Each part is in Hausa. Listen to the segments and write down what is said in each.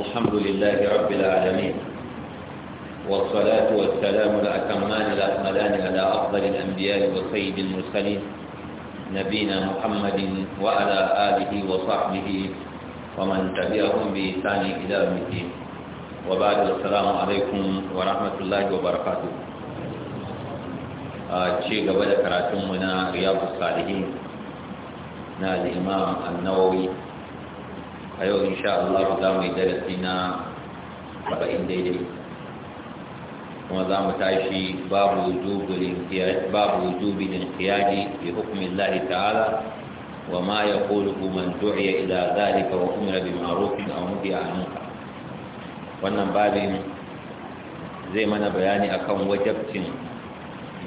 الحمد لله رب العالمين والصلاة والسلام الأكمان الأكملان على أفضل الأنبياء وسيد المرسلين نبينا محمد وعلى آله وصحبه ومن تبعهم بإحسان إلى يوم الدين وبعد السلام عليكم ورحمة الله وبركاته آه، شيء قبل كراتمنا رياض الصالحين نال الإمام النووي a yau insha Allah za mu yi darasi na 40 daidai kuma za mu tashi babu wujubin babu wujubin bi hukmi Allah ta'ala wa ma yaquluhu man du'iya ila zalika wa umra bi ma'rufin aw nuhiya wannan babin zai mana bayani akan wajabcin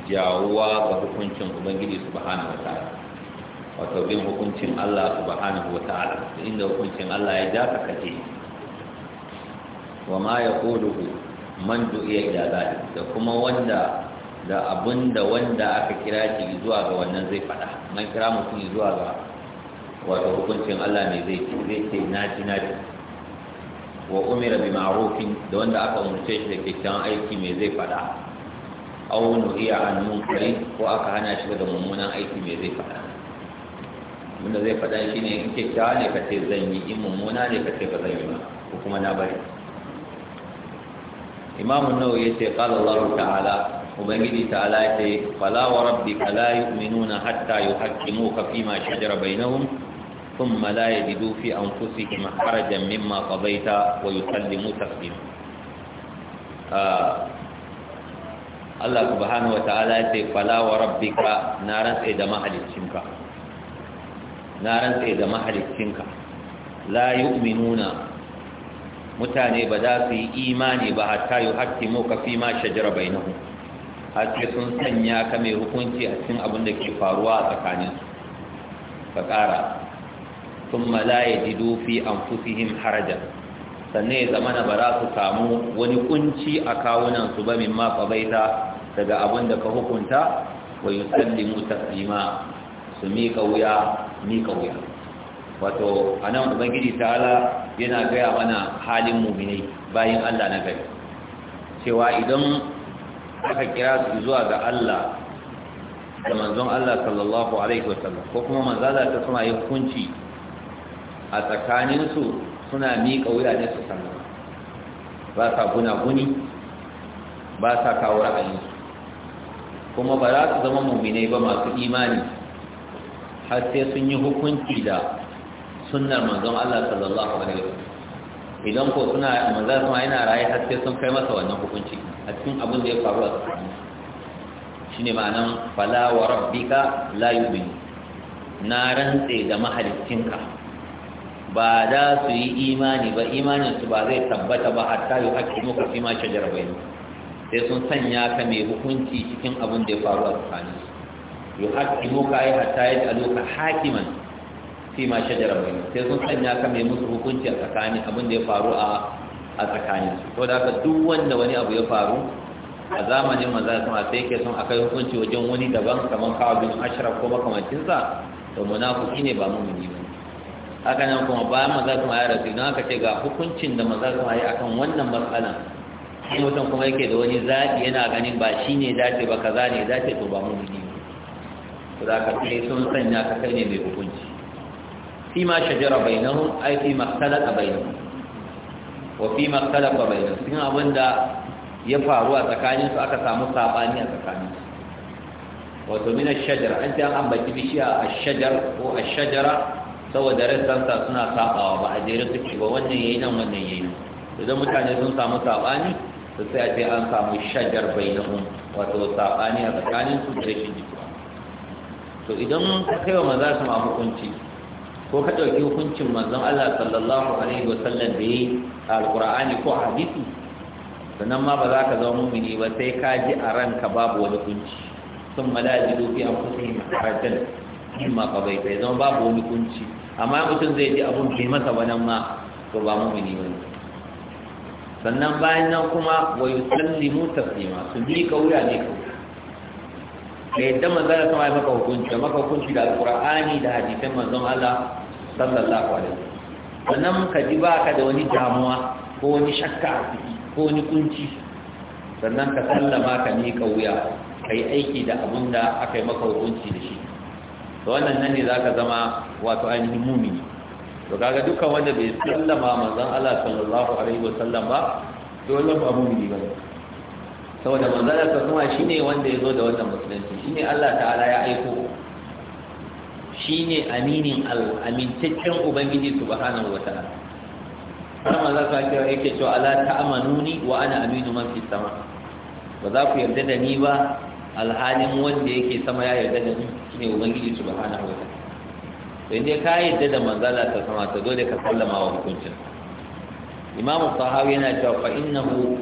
jawuwa ga hukuncin Ubangiji subhanahu wa ta'ala wato bin hukuncin Allah subhanahu wa ta'ala inda hukuncin Allah ya ja ka kace wa ma yaquluhu man du'iya ila zalik da kuma wanda da abinda wanda aka kira shi zuwa ga wannan zai fada man kira mutum zuwa ga wato hukuncin Allah ne zai ce zai ce na ji na ji wa umira bi ma'rufin da wanda aka umurce shi da kyakkyawan aiki mai zai fada aw nuhiya an munkari ko aka hana shi daga mummunan aiki mai zai fada wanda zai faɗa shi ne in kyakkyawa ne ka ce zan yi in mummuna ne ka ce ba zan yi ba ko kuma na bari imamun nawawi ya ce qala Allah ta'ala ubangiji ta'ala ya ce fala wa rabbi rabbika la yu'minuna hatta haƙƙi mu yuhaqqimuka fima shajara bainahum thumma la an kusi anfusihim harajan mimma qadaita wa mu taslima ah, Allah subhanahu wa ta'ala ya ce fala wa rabbi ka na rantsa da mahaliccinka na rantse da mahalicinka la yu'minuna mutane ba za su yi imani ba hatta yi mu muka fi ma shajara bainahu har sai sun sanya ka mai hukunci a cikin abin da ke faruwa a tsakaninsu ka ƙara sun malaye jido fi an haraja sannan ya zama na ba za su samu wani kunci a kawunan su ba min ma baita daga abin da ka hukunta wa yi sallimu taslima su miƙa wuya mika wuya wato a anan ubangiji ta'ala yana gaya mana halin mu'minai bayan Allah na gari cewa idan aka kira su zuwa ga Allah da manzon Allah sallallahu alaihi wasallam ko kuma manzala ta suna yin kunci a tsakaninsu suna mika wuya ne su sallama ba sa gunaguni ba sa kawo ra'ayinsu kuma ba za su zama mummine ba masu imani har sai sun yi hukunci da sunnar manzon Allah sallallahu alaihi wa. idan ko suna manzo kuma yana raye har sai sun kai masa wannan hukunci a cikin abin da ya faru a tsakanin shine ma'anan fala wa rabbika la yubin na rantse da mahalicinka ba da su yi imani ba imanin su ba zai tabbata ba hatta yi hakki muka fi ma shajar bai sai sun sanya ka mai hukunci cikin abin da ya faru a tsakanin yuhakimuka ay hatta ka hakiman fi ma shajara bainahum sai sun sanya ka mai musu hukunci a tsakanin abin da ya faru a a tsakanin su to da ka duk wanda wani abu ya faru a zamanin maza sama sai ke son akai hukunci wajen wani daban kamar kawo bin ashraf ko makamancinsa to munafiki ne ba mumini ba haka nan kuma ba maza sama ya rasu don haka ce ga hukuncin da maza sama ya akan wannan matsalan sai mutum kuma yake da wani zaɓi yana ganin ba shi ne ba kaza ne dace to ba mumini za ka kai sun sanya ka kai ne mai hukunci fi ma shajara bainahu ai fi ma khalaqa bainahu wa fi ma khalaqa bainahu cikin abin da ya faru a tsakanin su aka samu sabani a tsakanin su wato min ash-shajar an ta ambaci bishiya a shajar ko a shajara saboda sa suna sabawa ba a jere ci ba wannan yayi nan wannan yayi nan idan mutane sun samu sabani su sai a ce an samu shajar bainahum wato sabani a tsakanin su da rashin jituwa to idan ka kai wa manzan sama hukunci ko ka ɗauki hukuncin zan Allah sallallahu alaihi wa sallam da yi a alƙur'ani ko a hadisi sannan ma ba za ka zama mumini ba sai ka ji a ranka babu wani kunci sun malajidu fi anfusihim harajan mimma bai ya zama babu wani kunci amma mutum zai ji abun bai masa nan ma to ba mumini bane sannan bayan nan kuma wa yusallimu taslima su bi kauya ne kawai Mai yadda manzon Allah ya maka hukunci da maka hukunci da alqur'ani da hadisan manzon Allah sallallahu alaihi wasallam sannan ka ji baka da wani damuwa ko wani shakka a ciki ko wani kunci sannan ka sallama ka miƙa wuya ka yi aiki da abin da aka yi maka hukunci da shi da wannan nan ne za ka zama wato ainihin mumini to kaga dukkan wanda bai sallama manzon Allah sallallahu alaihi wasallam ba to wannan ba mumini ba ne saboda manzala ta kuma shine wanda ya zo da wannan musulunci shine Allah ta'ala ya aiko Shi ne aminin Allah amintaccen ubangiji subhanahu wa ta'ala har manzo ka ce yake cewa ala ni wa ana aminu man fi sama ba za ku yarda da ni ba alhalin wanda yake sama ya yarda da ni ne ubangiji su wa ta'ala in dai ka yarda da manzala ta sama ta dole ka sallama wa hukuncin imamu sahawi yana cewa fa innahu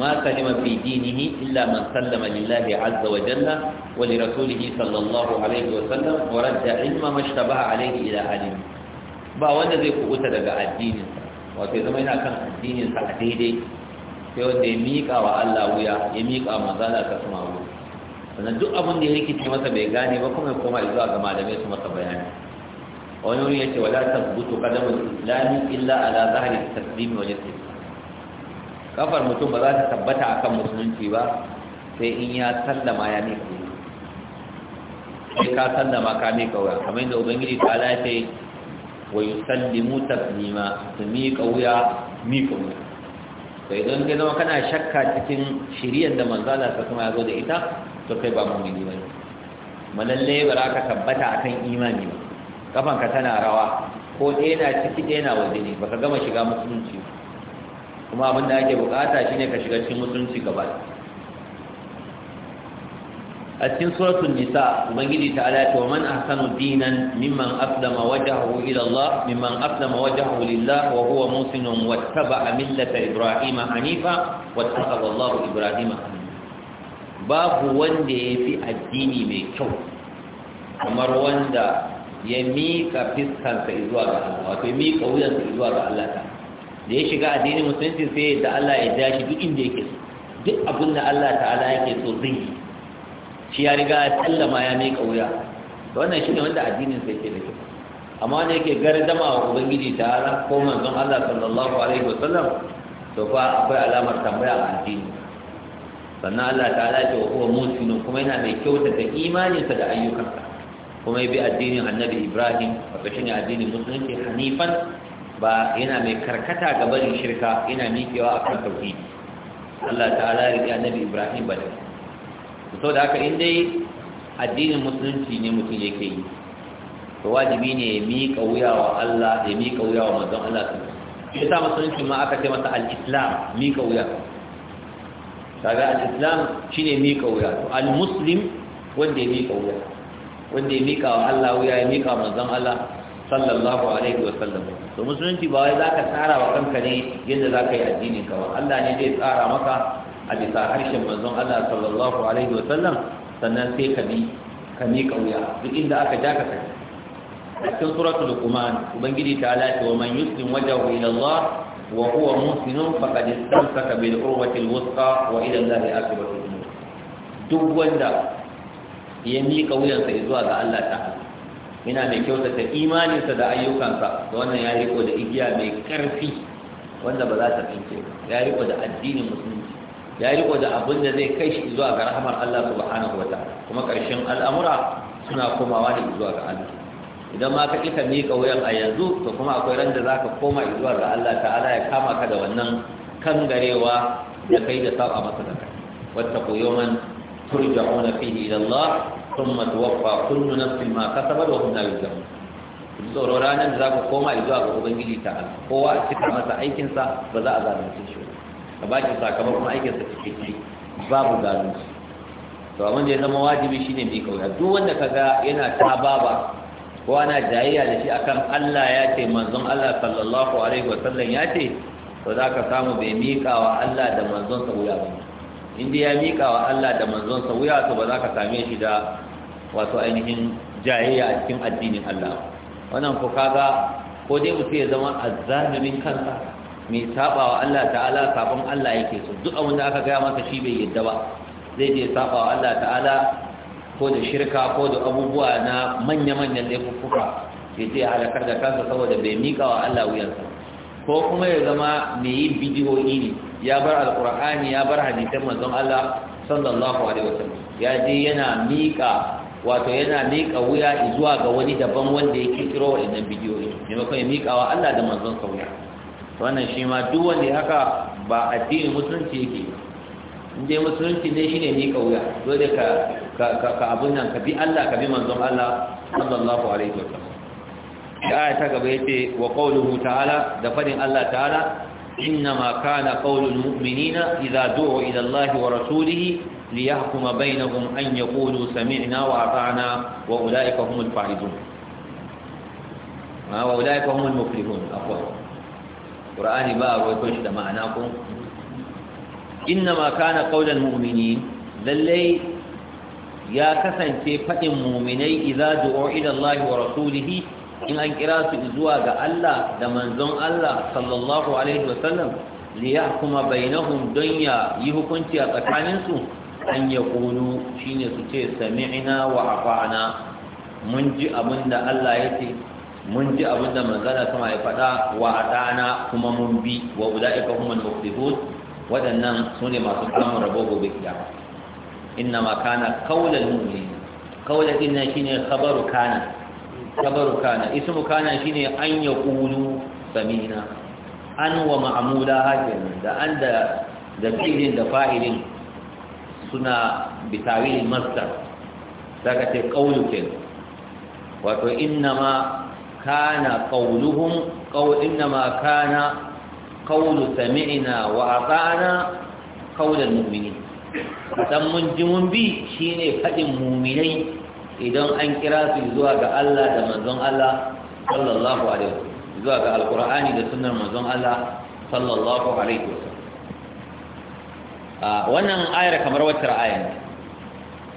ما سلم في دينه إلا من سلم لله عز وجل ولرسوله صلى الله عليه وسلم ورد علم ما اشتبه عليه إلى علم ba wanda zai kubuta daga addininsa wato zama yana kan addininsa a daidai sai wanda ya miƙa wa Allah wuya ya miƙa manzala ta kuma wuya sannan duk abin da ya rikice masa bai gane ba kuma ya koma zuwa ga malamai su masa bayani wani wuri ya ce wala tasbutu qadamul islami illa ala zahri kafar mutum ba za ta tabbata akan musulunci ba sai in ya sallama ya nika wuya sai ka sallama ka miƙa wuya kamar yadda ubangiji ta lafe wa ta nima su miƙa wuya miƙa wuya sai don ka zama kana shakka cikin shiriyar da manzala ta kuma ya zo da ita to kai ba mu mu'mini ba ne malalle ba za ka tabbata akan imani ba kafanka tana rawa ko ɗaya na ciki ɗaya na waje ne ba ka gama shiga musulunci ba kuma abin da ake bukata shine ka shiga cikin musulunci gaba a cikin suratul nisa ubangiji ta ala wa man ahsanu dinan mimman aslama wajhahu ila Allah mimman aslama wajhahu lillah wa huwa musinun wattaba'a millata ibrahima hanifa wattakhadha Allah ibrahima babu wanda ya fi addini mai kyau kamar wanda ya mika fiskansa zuwa ga Allah wato mika wuyansa zuwa ga Allah ta'ala da ya shiga addinin musulunci sai da Allah ya ya shi duk inda yake so duk abin da Allah ta'ala yake so zai yi shi ya riga ya sallama ya mai kauya wannan ne wanda addinin sai ke da kyau amma wanda yake gardama wa ubangiji ta'ala ko manzon Allah sallallahu alaihi wasallam to fa akwai alamar tambaya a addini sannan Allah ta'ala ce wa huwa muslimun kuma yana mai kyautata imaninsa da ayyukansa kuma ya bi addinin annabi ibrahim wato shine addinin musulunci hanifan ba yana mai karkata ga barin shirka yana miƙewa a kan tauhidi Allah ta'ala ya riƙe annabi Ibrahim ba da so da haka in dai addinin musulunci ne mutum ya yake yi to wajibi ne ya miƙa wuya wa Allah ya miƙa wuya wa manzon Allah ta Ya sa musulunci ma aka ce masa al-islam miƙa wuya kaga al-islam shi ne miƙa wuya to al-muslim wanda ya miƙa wuya wanda ya miƙa wa Allah wuya ya miƙa manzon Allah sallallahu alaihi wa sallam to musulunci ba zaka tsara wa kanka ne yadda zaka yi addini ka ba Allah ne zai tsara maka a bisa harshen manzon Allah sallallahu alaihi wa sallam sannan sai ka bi ka duk inda aka ja ka kai a cikin suratul luqman ubangiji ta ala ce wa man yuslim wajhahu ila Allah wa huwa muhsinun faqad istamsaka bil urwati al wuthqa wa duk wanda ya mi kauyansa zuwa ga Allah yana mai kyautata imaninsa da ayyukansa da wannan ya riko da igiya mai karfi wanda ba za ta tsinke ya riko da addinin musulunci ya riko da abin da zai kai shi zuwa ga rahamar Allah subhanahu wa ta'ala kuma karshen al'amura suna komawa ne zuwa ga Allah idan ma ka kika mika wuyan a yanzu to kuma akwai ran da zaka koma zuwa ga Allah ta'ala ya kama ka da wannan kangarewa da kai da saba masa da kai wattaqu yawman turja'una fihi ila Allah ثم توفى كل نفس ما كسبت وهم لا يظلمون tsoro ranar da za ku koma zuwa ga ubangiji ta ala kowa a cika masa aikinsa ba za a zalunce shi ba ba ki sakamakon aikinsa cikakke babu zalunci to abin da ya zama wajibi shine mai kauya duk wanda ka ga yana ta baba ko ana jayayya da shi akan Allah ya ce manzon Allah sallallahu alaihi wa sallam ya ce to za ka samu bai miƙa wa Allah da manzon sa wuya ba inda ya miƙa wa Allah da manzonsa wuya to ba za ka same shi da wato ainihin jayayya a cikin addinin Allah wannan ko kaga ko dai mutum ya zama azzalumin kansa mai sabawa Allah ta'ala sabon Allah yake so duk abin da aka gaya masa shi bai yadda ba zai je sabawa Allah ta'ala ko da shirka ko da abubuwa na manya-manyan laifuka ya je halakar da kansa saboda bai miƙa wa Allah wuyansa ko kuma ya zama mai yin bidiyoyi ne ya bar alkur'ani ya bar hadisan manzon Allah sallallahu alaihi wasallam ya je yana miƙa wato yana miƙa wuya zuwa ga wani daban wanda ya kirkiro waɗannan bidiyoyi maimakon ya miƙa wa Allah da manzon sa wuya wannan shi ma duk wanda haka ba addinin musulunci yake Inde musulunci ne shine miƙa wuya dole ka ka ka abun nan ka bi Allah ka bi manzon Allah sallallahu alaihi wasallam aya ta gaba yace wa qawluhu ta'ala da fadin Allah ta'ala innama kana qawlul mu'minina idza du'u ila Allah wa rasulih liyahkuma bainahum an yaqulu sami'na wa ata'na wa ulaika humul faizun ma wa ulaika humul muflihun afwa qur'ani ba ruwa ko shi da ma'ana ko innama kana qawlul mu'minin lallai ya kasance faɗin muminai idza du'u ila Allah wa rasulihi in an kira su zuwa ga Allah da manzon Allah sallallahu alaihi wa wasallam li yahkuma bainahum don ya yi hukunci a tsakaninsu an ya kunu shine su ce sami'na wa afa'na mun ji abinda Allah ya ce mun ji abinda manzon sama ya faɗa wa atana kuma mun bi wa ulaika humul muflihun waɗannan su ne masu samun rabo gobe kiyama inna ma kana qaulal mu'min qaulal inna shine khabaru kana kabaru kana ismu kana shine an ya kulu samina an wa hakin da anda da filin da fa'ilin suna bi tawilin masdar daga ce qawlu kin wato innama kana qawluhum qaw kana qawlu sami'na wa ata'na qawlan mu'minin dan mun ji mun bi shine fadin mu'minai idan an kira su zuwa ga Allah da manzon Allah sallallahu alaihi wasallam zuwa ga alqur'ani da sunnar manzon Allah sallallahu alaihi wasallam a wannan ayar kamar wacce ayar ne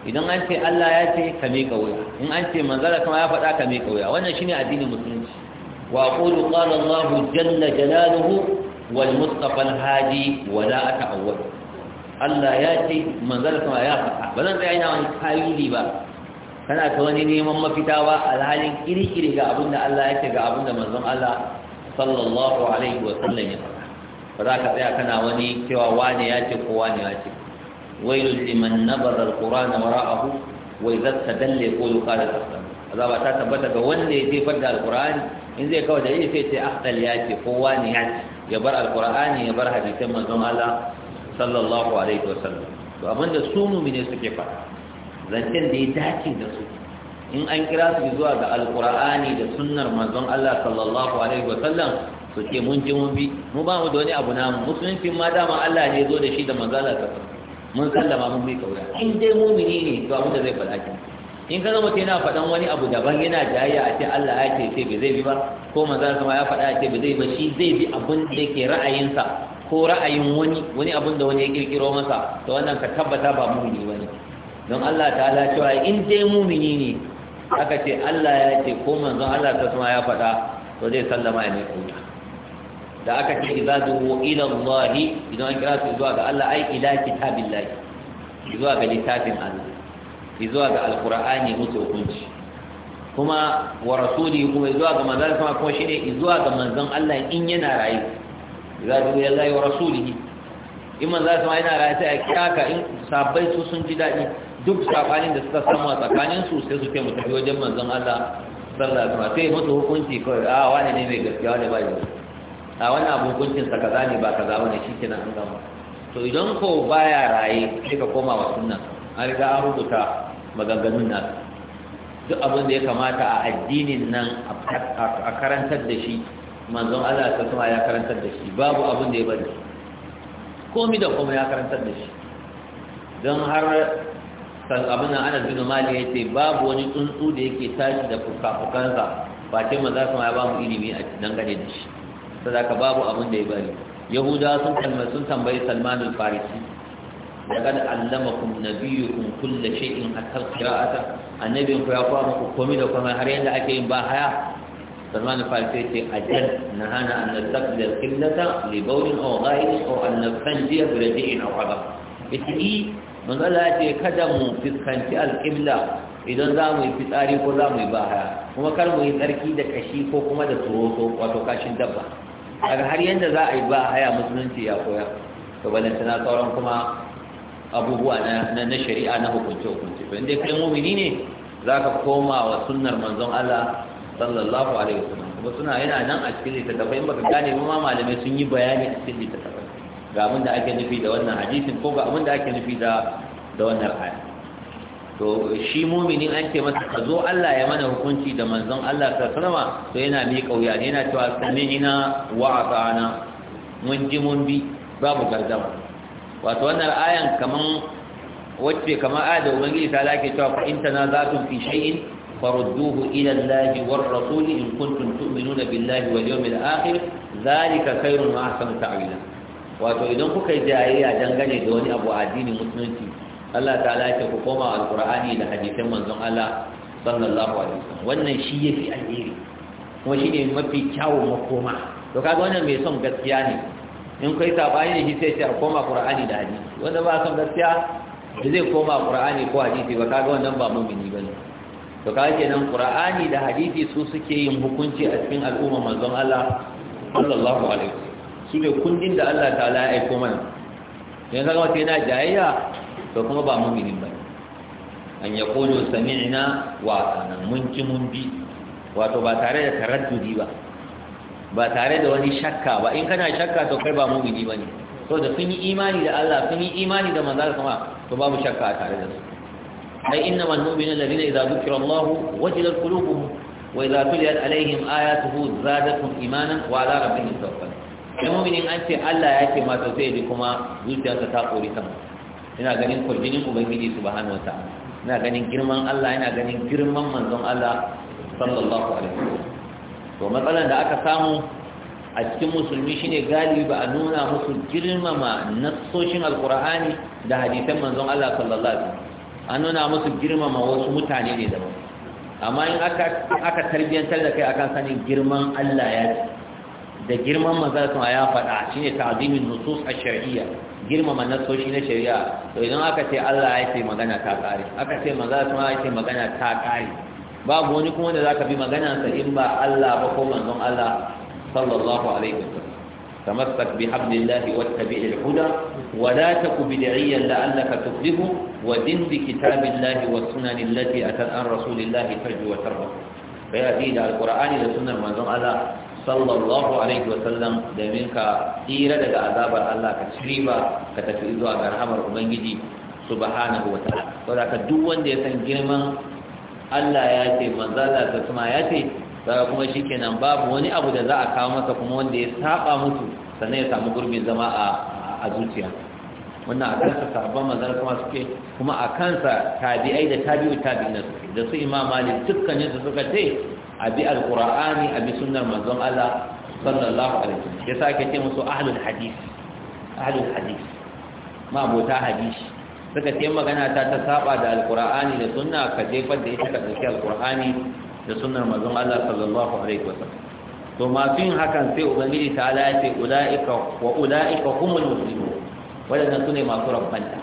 idan an ce Allah ya ce ka miƙa wuya in an ce manzala kuma ya faɗa ka miƙa wuya wannan shine addinin musulunci wa qulu qala Allahu jalla jalaluhu wal mustafa al hadi wa la ata'awwal Allah ya ce manzala kuma ya faɗa ba zan tsaya ina wani tawili ba kana ta wani neman mafita ba alhalin kirkiri ga abin da Allah yake ga abin da manzon Allah sallallahu alaihi wa sallam ya faɗa ba za ka tsaya kana wani cewa wane ya ce ko wane ya ce wailul liman nabara alquran wara'ahu wa idza tadalla qulu qala tasam ba ta tabbata ga wanda ya jefar da alqur'ani in zai kawo da yi sai ce ahdal ya ce ko wani ya ce ya bar alqur'ani ya bar hadisin manzon Allah sallallahu alaihi wa sallam to abinda su mu'mine suke faɗa zancen da ya dace da su in an kira su zuwa ga alkur'ani da sunnar manzon Allah sallallahu alaihi wasallam su ce mun ji mun bi mu ba mu da wani abu namu musulunci ma dama Allah ne zo da shi da manzon Allah sallallahu alaihi mun sallama mun bi kaura in dai mumini ne to abin da zai faɗa ki in ka zama yana faɗan wani abu daban yana jayayya a ce Allah ya ce ce bai zai bi ba ko manzon sama ya faɗa ya ce bai zai ba shi zai bi abin da yake ra'ayinsa ko ra'ayin wani wani abin da wani ya kirkiro masa to wannan ka tabbata ba mumini bane don Allah ta'ala cewa in dai mumini ne aka ce Allah ya ce ko manzon Allah ta suma ya faɗa to zai sallama ya mai kuta da aka ce idza du'u ila Allah idan an kira su zuwa ga Allah ai ila kitabillahi zuwa ga littafin Allah zuwa ga alqur'ani musu hukunci kuma wa rasuli kuma zuwa ga manzon Allah kuma shine zuwa ga manzon Allah in yana rayu idza du'u ila Allah wa rasulihi in manzon Allah yana rayu sai a kira ka in sabbai su sun ji daɗi duk sabanin da suka samu a tsakanin su sai su ke mu tafi wajen manzon Allah sallallahu alaihi wasallam sai mutu hukunci kawai a ah, wani ne mai gaskiya wani ba a wani abu hukuncin sa kaza ne ba kaza shi shikenan an gama to idan ko baya raye sai ka koma wa sunna an riga an rubuta maganganun nasu duk abin da ya kamata a addinin nan a karantar da shi manzon Allah ta sama ya karantar da shi babu abin da ya bari komai da komai ya karantar da shi don har abin nan ana bin mali ya ce babu wani tsuntsu da yake tashi da fuka-fukansa ba ce maza su ya ba mu ilimi a dangane da shi sadaka babu abin da ya bari yahuda sun kalmar sun tambayi salman al-farisi laqad allamakum nabiyyukum kull shay'in hatta qira'ata annabin ku ya kwa muku komai da komai har yanda ake yin ba haya salman al-farisi ce ajal nahana an nastaqbil al-qiblata li bawlin aw ghaib aw an nastanjiya bi radi'in aw adab manzala ya ce kada mu fuskanci alƙibla idan za mu yi fitsari ko za mu yi bahaya kuma kar mu yi tsarki da kashi ko kuma da tsoroso wato kashin dabba daga har yanda za a yi bahaya musulunci ya koya to balantana sauran kuma abubuwa na shari'a na hukunce hukunce to inda kai mumini ne za ka koma wa sunnar manzon Allah sallallahu alaihi wasallam kuma suna yana nan a cikin littattafai in baka gane ba malamai sun yi bayani a cikin littattafai ga abin da ake nufi da wannan hadisin ko ga abin da ake nufi da da wannan aya to shi muminin an ce masa ka zo Allah ya mana hukunci da manzon Allah sallallahu alaihi to yana mi kauya ne yana cewa sami'na wa ata'na mun ji mun bi babu gardama wato wannan ayan kaman wacce kamar aya da ubangiji ta lake cewa fa in tanazatum fi shay'in farudduhu ila Allahi war rasuli in kuntum tu'minuna billahi wal yawmil akhir zalika khairun wa ahsanu ta'wila wato idan kuka yi jayayya dangane da wani abu addinin musulunci Allah ta'ala ya ku koma alqur'ani da hadisin manzon Allah sallallahu alaihi wasallam wannan shi yafi alheri kuma shi ne mafi kyawun makoma to kaga wannan mai son gaskiya ne in kai sabani ne shi sai ya koma qur'ani da hadisi wanda ba son gaskiya da zai koma qur'ani ko hadisi ba kaga wannan ba mu'mini bane to kaga kenan qur'ani da hadisi su suke yin hukunci a cikin al'umma manzon Allah sallallahu alaihi wasallam su ne kundin da Allah ta'ala ya aiko mana yanzu ga wata yana jayayya to kuma ba mu'minin ba an ya kojo sami'na wa kana mun ji mun bi wato ba tare da taraddudi ba ba tare da wani shakka ba in kana shakka to kai ba mu'mini bane to da sun yi imani da Allah sun yi imani da manzon kuma to babu shakka a tare da su ai innamal mu'minuna alladhina idza dhukira Allah wajilat qulubuhum wa idza tuliyat alaihim ayatuhu zadatuhum imanan wa ala rabbihim tawakkal da muminin an ce Allah ya ce masa sai da kuma zuciyarsa ta kori sama ina ganin kurjinin ubangiji subhanahu wa ta'ala ina ganin girman Allah ina ganin girman manzon Allah sallallahu alaihi wasallam to matsalan da aka samu a cikin musulmi shine galibi ba a nuna musu girmama nassoshin alqur'ani da hadisan manzon Allah sallallahu alaihi wasallam an nuna musu girmama wasu mutane ne daban amma in aka aka tarbiyantar da kai akan sanin girman Allah ya ce da girman manzon ya faɗa shine ta'azimin nusus a shari'a, girmama nasoshi na shari'a to idan aka ce Allah ya ce magana ta ƙare, aka ce manzon ya ce magana ta ƙare, babu wani kuma da zaka bi magana sa in ba Allah ba ko manzon Allah sallallahu alaihi wasallam تمسك بحبل الله واتبع الهدى ولا تك بدعيا لعلك تفلح ودن بكتاب الله والسنن التي أتت عن رسول الله ترجو وترهب فيأتي إلى القرآن da سنة المنزل Allah. sallallahu alaihi wasallam domin ka tsira daga azabar Allah ka ciri ka tafi zuwa ga rahamar ubangiji subhanahu wa ta'ala saboda ka duk wanda ya san girman Allah ya ce manzo Allah ta kuma ya ce sai kuma shikenan babu wani abu da za a kawo masa kuma wanda ya saba musu sannan ya samu gurbin zama a a zuciya wannan a kansa sahabban manzon kuma suke kuma a kansa tabi'ai da tabi'u tabi'ina suke da su imam malik dukkanin su suka ce a bi alqur'ani a bi sunnar manzon Allah sallallahu alaihi wasallam yasa ake ce musu ahlul hadith ahlul hadith ma abota hadisi suka ce magana ta ta saba da alqur'ani da sunna ka jefar da ita ka dauki alqur'ani da sunnar manzon Allah sallallahu alaihi wasallam to masu yin hakan sai ubangiji ta ala ya ce ulaika wa ulaika humul muslimun waɗannan su ne masu rabbanta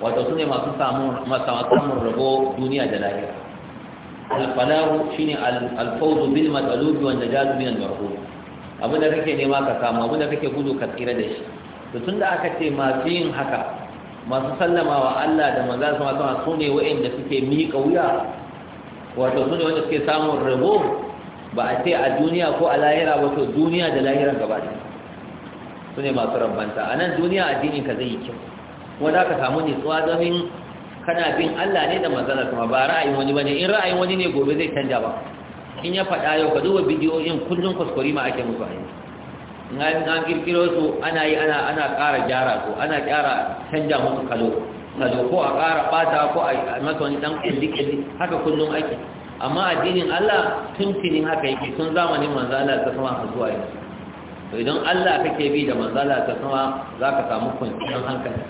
wato su ne masu samun rabo duniya da lafiya alfalahu shi ne alfauzu bil matsalubi wanda ja su minan marhu abin da kake nema ka samu abin da kake gudu ka tsira da shi to tun da aka ce masu yin haka masu sallama wa Allah da manzan su masu su ne wa'inda suke miƙa wuya wato su ne wanda suke samun rabo ba a ce a duniya ko a lahira ba to duniya da lahiran gaba ɗaya su ne masu rabanta a nan duniya addinin ka zai yi kyau kuma za ka samu nitsuwa domin kana bin Allah ne da manzalar kuma ba ra'ayin wani bane in ra'ayin wani ne gobe zai canja ba in ya faɗa yau ka duba bidiyoyin kullum kuskure ma ake musu a yanzu an kirkiro su ana yi ana ƙara gyara su ana ƙara canja musu kalo kalo ko a ƙara ɓata ko a masa wani ɗan ƙilli-ƙilli haka kullum ake amma addinin Allah tun tunin haka yake tun zamanin manzo Allah ta sama zuwa yanzu to idan Allah kake bi da matsala ta sama zaka ka samu kwanciyar hankali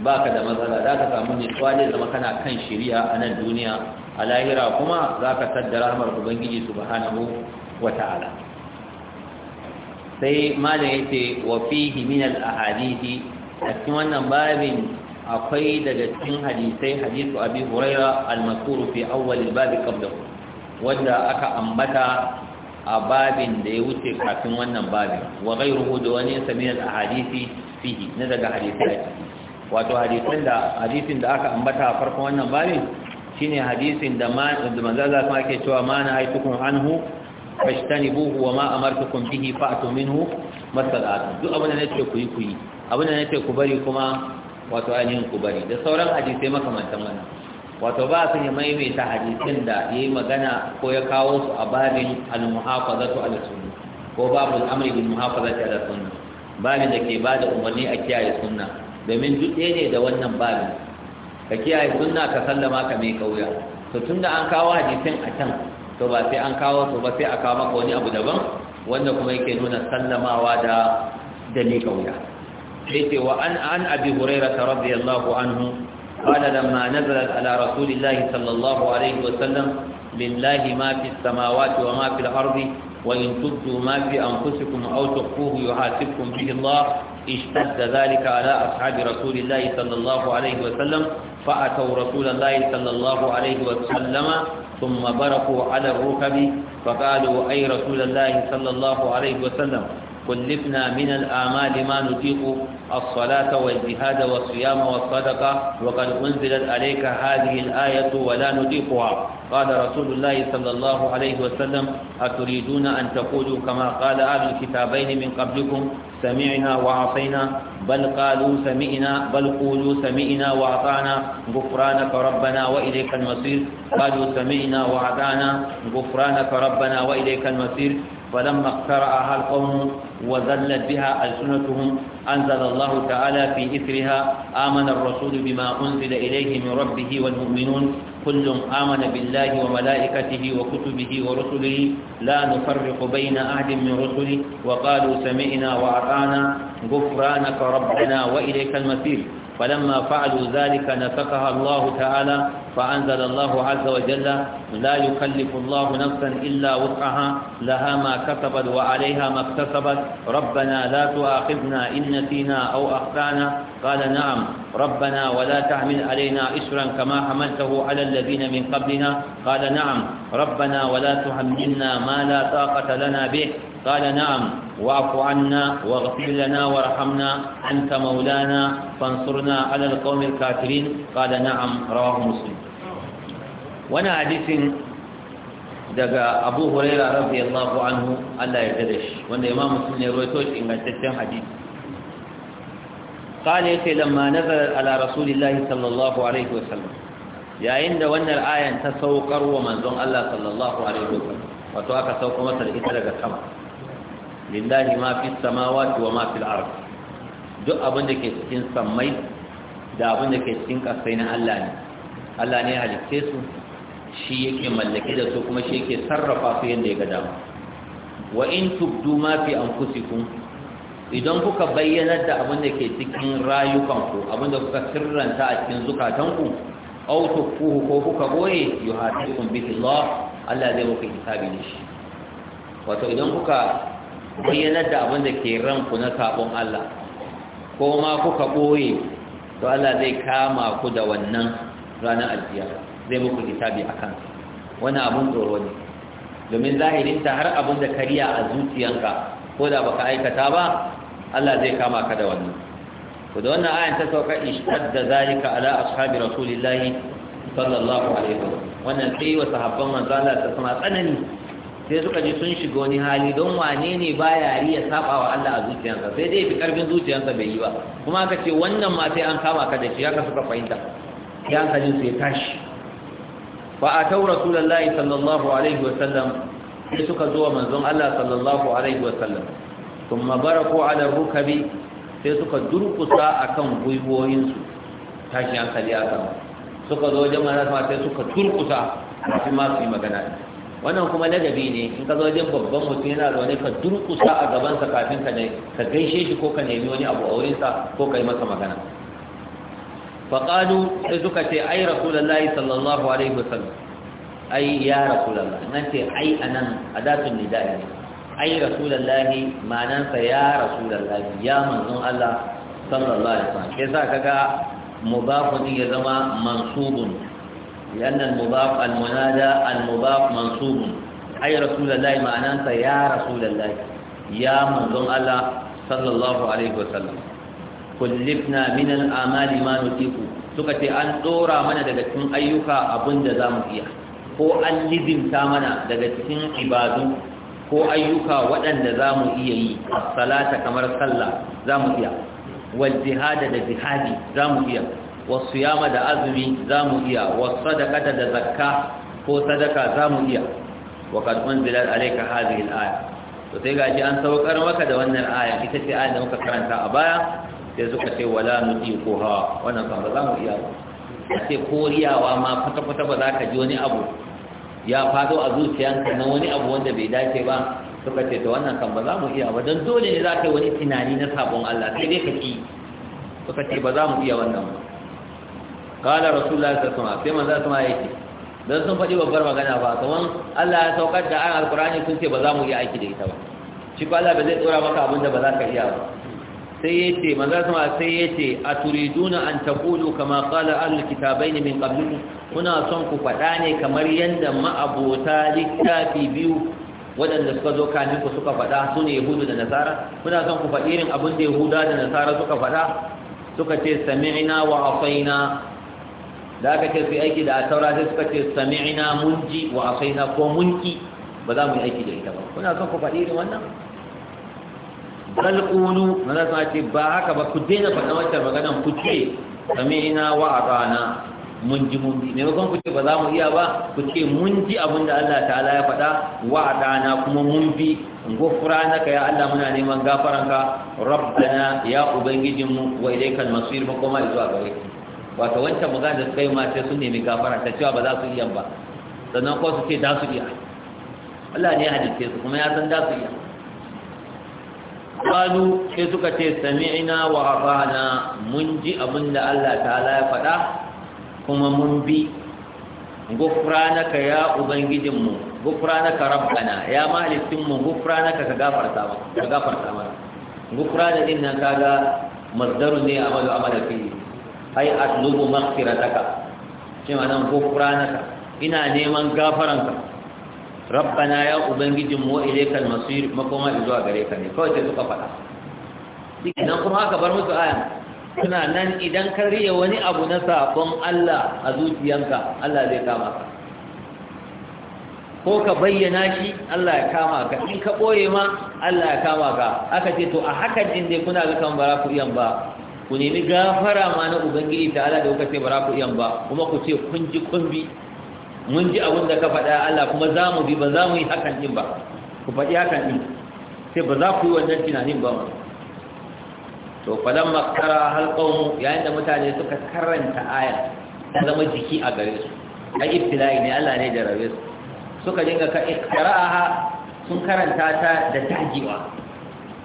ba ka da matsala za ka samu nutsuwa ne zama kana kan shiriya a nan duniya a lahira kuma za ka rahmar ubangiji subhanahu wa sai malam yace wa fihi min al ahadithi a cikin wannan babin akwai daga cikin hadisai hadisu abi huraira al-mazkuru fi awwal al-bab qablahu wanda aka ambata a babin da ya wuce kafin wannan babin wa ghayruhu da wani samin al hadisi fihi na daga hadisi wato hadisin da hadisin da aka ambata a farkon wannan babin shi ne hadisin da ma da manzo kuma yake cewa ma na haitukum anhu fashtanibuhu wa ma a amartukum bihi fa'tu minhu masalatu duk abin da nake ku yi ku yi abin da nake ku bari kuma wato ainihin ku bari da sauran hadisai makamantan wannan wato ba su ne maimaita hadisin da ya yi magana ko ya kawo su a babin al su ala sunna ko babul amri za su ala sunna babin da ke ba da umarni a kiyaye sunna domin duk ɗaya ne da wannan babin ka kiyaye sunna ka sallama ka mai kauya to tunda an kawo hadisin a can to ba sai an kawo su ba sai a kawo maka wani abu daban wanda kuma yake nuna sallamawa da da mai kauya sai ce wa an an abi hurairah radiyallahu anhu قال لما نزلت على رسول الله صلى الله عليه وسلم لله ما في السماوات وما في الأرض وإن تبدوا ما في أنفسكم أو تخفوه يحاسبكم به الله اشتد ذلك على أصحاب رسول الله صلى الله عليه وسلم فأتوا رسول الله صلى الله عليه وسلم ثم برقوا على الركب فقالوا أي رسول الله صلى الله عليه وسلم كلفنا من الآمال ما نطيق الصلاة والجهاد والصيام والصدقة وقد أنزلت عليك هذه الآية ولا نطيقها قال رسول الله صلى الله عليه وسلم أتريدون أن تقولوا كما قال أهل الكتابين من قبلكم سمعنا وعصينا بل قالوا سمعنا بل قولوا سمعنا واعطانا غفرانك ربنا وإليك المصير قالوا سمعنا واعطانا غفرانك ربنا وإليك المصير فلما اقترعها القوم وذلت بها ألسنتهم أنزل الله تعالى في إثرها آمن الرسول بما أنزل إليه من ربه والمؤمنون كل آمن بالله وملائكته وكتبه ورسله لا نفرق بين أحد من رسله وقالوا سمعنا وأطعنا غفرانك ربنا وإليك المسير فلما فعلوا ذلك نسخها الله تعالى فأنزل الله عز وجل لا يكلف الله نفسا إلا وسعها لها ما كسبت وعليها ما اكتسبت ربنا لا تؤاخذنا إن نسينا أو أخطأنا قال نعم ربنا ولا تحمل علينا إسرا كما حملته على الذين من قبلنا قال نعم ربنا ولا تحملنا ما لا طاقة لنا به قال نعم واعف عنا واغفر لنا وارحمنا أنت مولانا فانصرنا على القوم الكافرين قال نعم رواه مسلم وانا حديث دقى أبو هريرة رضي الله عنه ألا يتدش وانا إمام مسلم يرويتوش إن تتم حديث قال يتي لما نزل على رسول الله صلى الله عليه وسلم يا عند وانا الآية تسوقر ومنزون الله صلى الله عليه وسلم وتوقع سوق مصر إتلقى الخمر lillahi ma fi samawati wa ma fil ard duk abin da ke cikin sammai da abin da ke cikin kasai na Allah ne Allah ne ya halicce su shi yake mallake da su kuma shi yake sarrafa su yadda ya ga dama wa in tubdu ma fi anfusikum idan kuka bayyana da abin da ke cikin rayukanku abin da kuka sirranta a cikin zukatanku aw tukuhu ko kuka boye yuhatikum bihi Allah Allah zai muku hisabi da shi wato idan kuka bayyanar da abin da ke ranku na sabon Allah ko ma kuka ɓoye to Allah zai kama ku da wannan ranar aljiya zai muku kitabi a kan wani abin tsoro ne domin zahirinta har abin da kariya a zuciyanka ko da baka aikata ba Allah zai kama ka da wannan ku da wannan ayan ta sauka da zalika ala ashabi rasulillahi sallallahu alaihi wasallam wannan sai wa sahabban manzo Allah ta sama tsanani sai suka ji sun shiga wani hali don wane ne baya riya saba wa Allah a zuciyarsa sai dai bi karfin zuciyarsa bai yi ba kuma aka ce wannan ma sai an kama ka da shi haka suka fahimta ya hankalin su ya tashi fa a taura rasulullahi sallallahu alaihi wa sallam sai suka zo wa manzon Allah sallallahu alaihi wa sallam kuma baraku ala rukabi sai suka durkusa akan gwiwoyin su tashi hankali aka suka zo jama'a sai suka turkusa masu yi magana ne. wannan kuma ladabi ne in ka zo wajen babban mutum yana zaune ka durkusa a gabansa kafin ka ka gaishe shi ko ka nemi wani abu a wurinsa ko ka yi masa magana faƙalu sai suka ce ai rasulullahi sallallahu alaihi wasallam ai ya rasulullahi nan ce ai anan adatun nida'i ai rasulullahi sa ya rasulullahi ya manzon Allah sallallahu alaihi wasallam yasa kaga mudafun ya zama mansubun لأن المضاف المنادى المضاف منصوب أي رسول الله معناه يا رسول الله يا منظم الله صلى الله عليه وسلم kullifna min ce an tsora mana daga cikin ayyuka abin da zamu iya ko an lizimta mana daga cikin ibadu ko ayyuka waɗanda zamu iya yi salata kamar sallah zamu iya wal jihada da jihadi zamu wasu yama da azumi za mu iya wasu sadakata da zakka ko sadaka za mu iya wa kalfin zilar alaika hazi al'aya to sai gaji an saukar maka da wannan aya ita ce aya da muka karanta a baya sai suka ce wala nuti ko ha wannan kan ba za mu iya ba sai koriyawa ma fata-fata ba za ka ji wani abu ya fado a zuciyanka na wani abu wanda bai dace ba suka ce to wannan kan ba za mu iya ba don dole ne za ka yi wani tunani na sabon Allah sai dai ka ki suka ce ba za mu iya wannan ba kala rasulullah sallallahu alaihi wasallam sai manzo sama yake dan sun faɗi babbar magana ba kaman Allah ya saukar da ayan alqur'ani sun ce ba za mu yi aiki da ita ba shi ba Allah ba zai tsora maka abin da ba za ka iya ba sai yace manzo sama sai yace aturiduna an taqulu kama qala ahlul kitabain min qablikum kuna son ku faɗa ne kamar yanda ma'abota littafi biyu waɗanda suka zo kamin ku suka faɗa su ne yahudu da nasara kuna son ku faɗi irin abin da yahuda da nasara suka faɗa suka ce sami'na wa asaina da aka ce su aiki da taura sai suka ce sami'ina munji wa asaina ko munki ba za mu yi aiki da ita ba kuna son ku faɗi irin wannan bal na maza sun ce ba haka ba ku daina faɗa wancan maganan ku ce sami'ina wa atana mun munji mun ji maimakon ku ce ba za mu iya ba ku ce mun abin da Allah ta'ala ya faɗa wa atana kuma mun bi ghufranaka ya Allah muna neman gafaranka rabbana ya ubangijinmu wa ilaikal masir makoma zuwa gare ka wato wancan magana da suka yi ma sai sun nemi gafara ta cewa ba za su iya ba sannan ko su ce za su iya Allah ne ya halitta su kuma ya san za su iya qalu sai suka ce sami'na wa ata'na mun ji abinda Allah ta'ala ya faɗa kuma mun bi gufranaka ya ubangijinmu gufranaka rabbana ya malikinmu gufranaka ka gafarta mana ka gafarta mana gufrana din nan kaga masdarun ne amalu amala fihi ai atlubu maghfirataka shi ma nan gufranaka ina neman gafaranka rabbana ya ubangijin mu ilaikal masir makoma zuwa gare ka ne kawai sai suka faɗa nan kuma aka bar musu aya suna nan idan ka riya wani abu na sabon Allah a zuciyanka Allah zai kama ka ko ka bayyana shi Allah ya kama ka in ka ɓoye ma Allah ya kama ka aka ce to a haka din dai kuna ga kan bara ku iyan ba ku nemi gafara ma na ubangiji ta ala da kuka ce ba za ku iyan ba kuma ku ce kun ji kun bi mun ji abin da ka faɗa Allah kuma za mu bi ba za mu yi hakan ɗin ba ku faɗi hakan ɗin sai ba za ku yi wannan tunanin ba to falan makara halƙon yayin da mutane suka karanta aya ta zama jiki a gare su a ibtila'i ne Allah ne da rabe su suka dinga ka ikra'aha sun karanta ta da tajiwa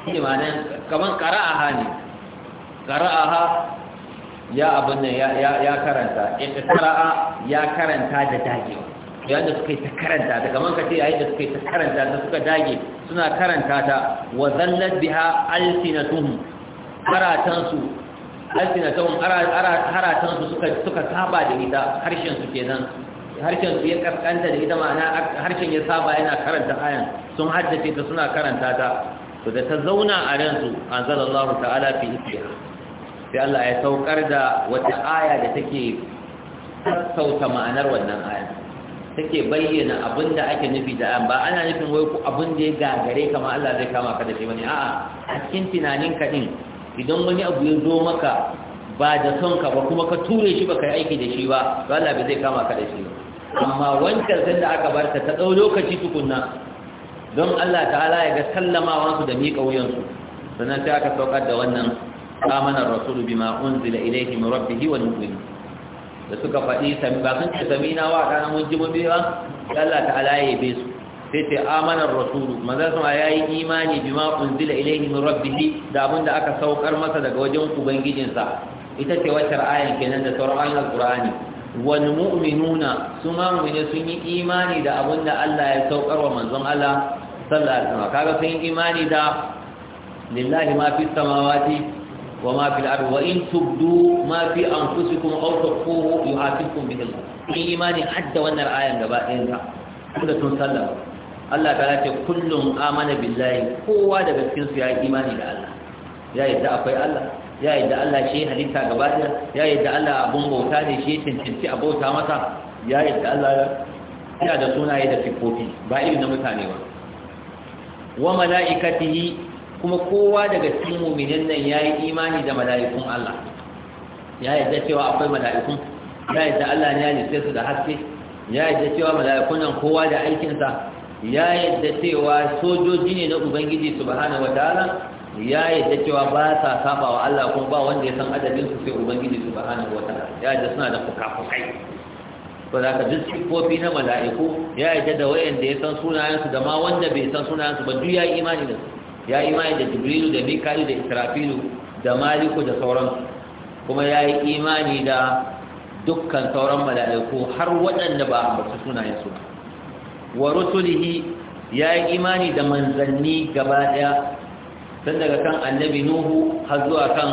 shi nan kaman qara'aha ne qara'aha ya abin nan ya karanta iqtara'a ya karanta da dagewa yanda suka yi ta karanta daga man kace yayin da suka yi ta karanta da suka dage suna karanta ta wa zallat biha alsinatuhum haratansu alsinatuhum haratansu suka suka saba da ita harshen su kenan harshen su ya kaskanta da ita ma'ana harshen ya saba yana karanta ayan sun haddace ta suna karanta ta to da ta zauna a ransu anzalallahu ta'ala fi isriha sai Allah ya saukar da wata aya da take sauta ma'anar wannan aya take bayyana abin da ake nufi da ayan ba ana nufin wai ku abin da ya gagare kama Allah zai kama ka da shi bane a'a a cikin tunaninka din idan wani abu ya zo maka ba da son ka ba kuma ka ture shi ba ka yi aiki da shi ba to Allah bai zai kama ka da shi amma wancan san da aka bar ta ta dau lokaci tukunna don Allah ta'ala ya ga sallamawa su da miƙa wuyansu sannan sai aka saukar da wannan amana ar-rasul bima unzila ilayhi min rabbih da suka faɗi ba sun ce sami wa ɗana mun ji mun biya Allah ta'ala ya yabe su sai ce amanar rasulu manzon sama yayi imani bima unzila ilayhi min rabbih da abinda aka saukar masa daga wajen ubangijinsa ita ce wacce ayan kenan da sauran ayoyin alqur'ani wal mu'minuna su ma mu'mine sun yi imani da abinda Allah ya saukar wa manzon Allah sallallahu sun yi imani da lillahi ma fi وما في الأرض وإن تبدوا ما في أنفسكم أو تخفوه يحاسبكم به الله إيماني حتى وأن الآية نبائل كل تنسلم الله تعالى كل آمن بالله هو هذا بسكين في إيماني لله يا يدعى أخي الله ya yadda Allah shi halitta gaba ɗaya ya yadda Allah abun bauta ne shi cancanci a bauta masa ya yadda Allah ya da sunaye da siffofi ba irin na mutane ba wa mala'ikatihi kuma kowa daga cikin mu'minin nan yayi imani da mala'ikun Allah ya yadda cewa akwai mala'ikun ya yadda Allah ne ya nufe su da haske ya yadda cewa mala'ikun nan kowa da aikinsa ya yadda cewa sojoji ne na ubangiji subhanahu wataala ya yadda cewa ba sa saba wa Allah kuma ba wanda ya san adadin su sai ubangiji subhanahu wataala ya yadda suna da fukafukai to da ka duk sifofi na mala'iku ya yadda da wayanda ya san sunayen su da ma wanda bai san sunayen su ba duk ya imani da su ya imani da jibrilu da mikalu da israfilu da maliku da sauransu kuma ya yi imani da dukkan sauran mala'iku har waɗanda ba ambaci sunayensu wa rusulihi ya yi imani da manzanni gaba ɗaya tun daga kan annabi nuhu har zuwa kan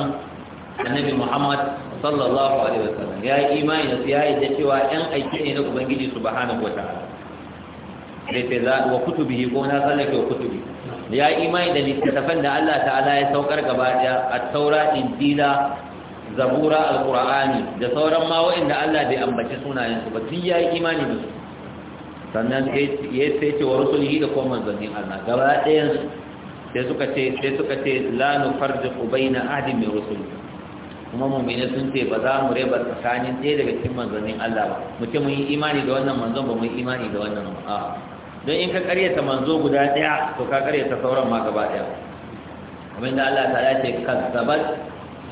annabi muhammad sallallahu alaihi wasallam ya yi imani da su ya yi da cewa ‘yan aiki ne na ubangiji su wa ta'ala da ta za wa kutubihi ko na tsallake wa kutubi ya imani da littattafan da Allah ta'ala ya saukar gaba daya a taura injila zabura alqur'ani da sauran ma wa'inda Allah bai ambaci sunayen su ba duk ya imani da su sannan ya sai ce wa rusulihi da kuma manzannin Allah gaba ɗayan sai suka ce sai suka ce la nufarriqu baina ahdi min rusulihi kuma mummina sun ce ba za mu reba tsakanin ɗaya daga cikin manzannin Allah ba mu ce mun yi imani da wannan manzon ba mu yi imani da wannan ba don in ka karyata manzo guda daya to ka karyata sauran ma gaba daya kamar da Allah ta ya ce kazzabat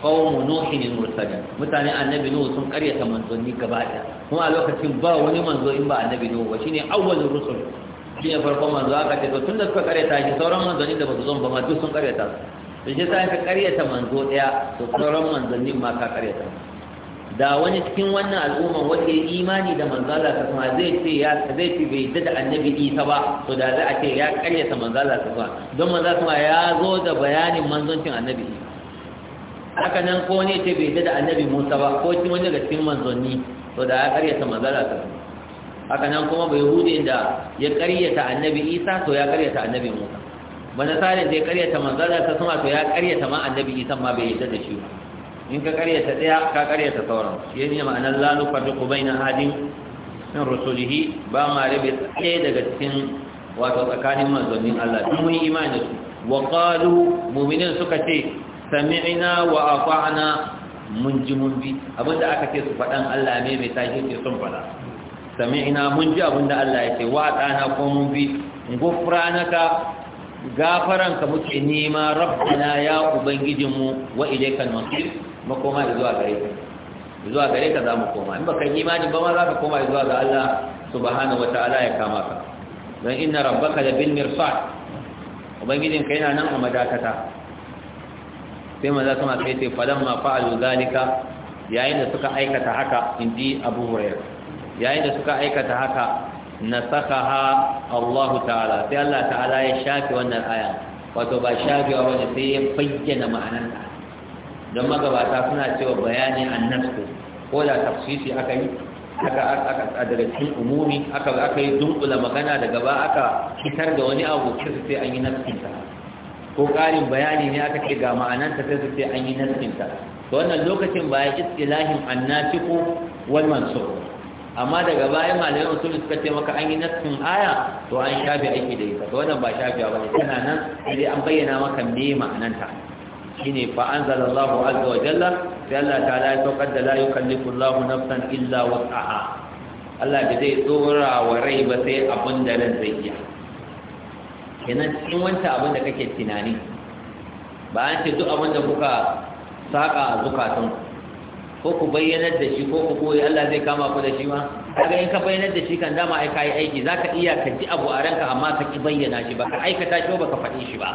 qaumu nuhin mursal mutane annabi nuhu sun karyata manzonni gaba daya kuma a lokacin ba wani manzo in ba annabi nuhu ba shine awwalur rusul shine farkon manzo aka ce to tunda suka karyata shi sauran manzonni da ba su ba ma duk sun karyata su shi sai ka karyata manzo daya to sauran manzannin ma ka karyata da wani cikin wannan al'umman wanda ya imani da manzala ta kuma zai ce ya zai ce bai da annabi isa ba to da za a ce ya karyata manzala ta kuma don manzala kuma ya zo da bayanin manzoncin annabi haka nan ko ne ce bai da annabi musa ba ko cikin wani daga cikin manzanni to da ya karyata manzala ta kuma haka nan kuma bai hude da ya karyata annabi isa to ya karyata annabi musa ba nasarin da ya karyata manzala ta kuma to ya karyata ma annabi isa ma bai yadda da shi ba in ka karyata daya ka karyata sauran shi ne ma'anar la nufarriqu baina ahadin min rusulihi ba ma rabi tsaye daga cikin wato tsakanin manzannin Allah duk mun imani su wa qalu mu'minin suka ce sami'na wa ata'na mun ji mun bi abinda aka ce su fadan Allah ne mai tashi ce sun fada sami'na mun ji abinda Allah ya ce wa ata'na ko mun bi ghufranaka gafaran ka muke nema rabbana ya ubangijinmu wa ilaikal masir makoma zuwa gare ka zuwa gare ka zamu koma in baka yi imani ba ma za ka koma zuwa ga Allah subhanahu wataala ya kama ka dan inna rabbaka la bil mirsad ubangijin ka yana nan a madakata sai maza kuma sai falam ma fa'alu zalika yayin da suka aikata haka inji Abu Hurairah yayin da suka aikata haka nasakaha Allah ta'ala sai Allah ta'ala ya shafi wannan aya wato ba shafi wa wani sai ya bayyana ma'anarta don magabata suna cewa bayani annasku ko da tafsiri aka yi aka aka daga cikin umumi aka aka yi dunkula magana da gaba aka fitar da wani abu kisa sai an yi naskinta ko ƙarin bayani ne aka ce ga ma'anarta sai sai an yi naskinta to wannan lokacin ba ya istilahin annasiku wal mansukh amma daga baya malayan usul suka ce maka an yi nassin aya to an shafi aiki da ita to wannan ba shafi ba ne tana nan sai an bayyana maka me ma'ananta shine fa anzalallahu azza wa jalla sai Allah ta'ala ya saukar da la yukallifu Allahu nafsan illa wus'aha Allah da zai tsora wa rai ba sai abin da ran zai iya kenan cikin wancan abin da kake tunani ba an ce duk abin da kuka saka a zukatanku ko ku bayyanar da shi ko ku koyi Allah zai kama ku da shi ma kaga in ka bayyanar da shi kan dama ai kai aiki zaka iya ka ji abu a ranka amma ka ki bayyana shi baka aikata shi baka faɗi shi ba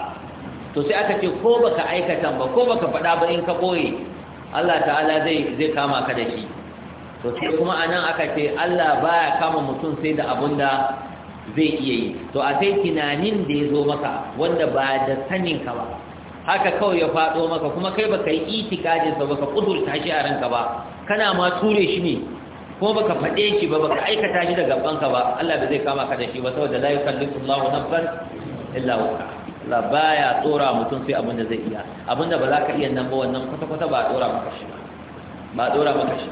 to sai aka ce ko baka aikata ba ko baka faɗa ba in ka koyi Allah ta'ala zai zai kama ka da shi to sai kuma anan aka ce Allah baya kama mutum sai da abunda zai iya yi to a sai tunanin da ya zo maka wanda ba da sanin ka ba haka kawai ya faɗo maka kuma kai baka yi itikadin sa baka kudurta shi a ranka ba kana ma ture shi ne ko baka faɗe shi ba baka aikata shi da gaban ka ba Allah ba zai kama ka da shi ba saboda la yukallifu Allahu nafsan illa wusa la baya tsora mutum sai abin da zai iya abin da ba za ka iya nan ba wannan kwata kwata ba tsora maka shi ba ba tsora maka shi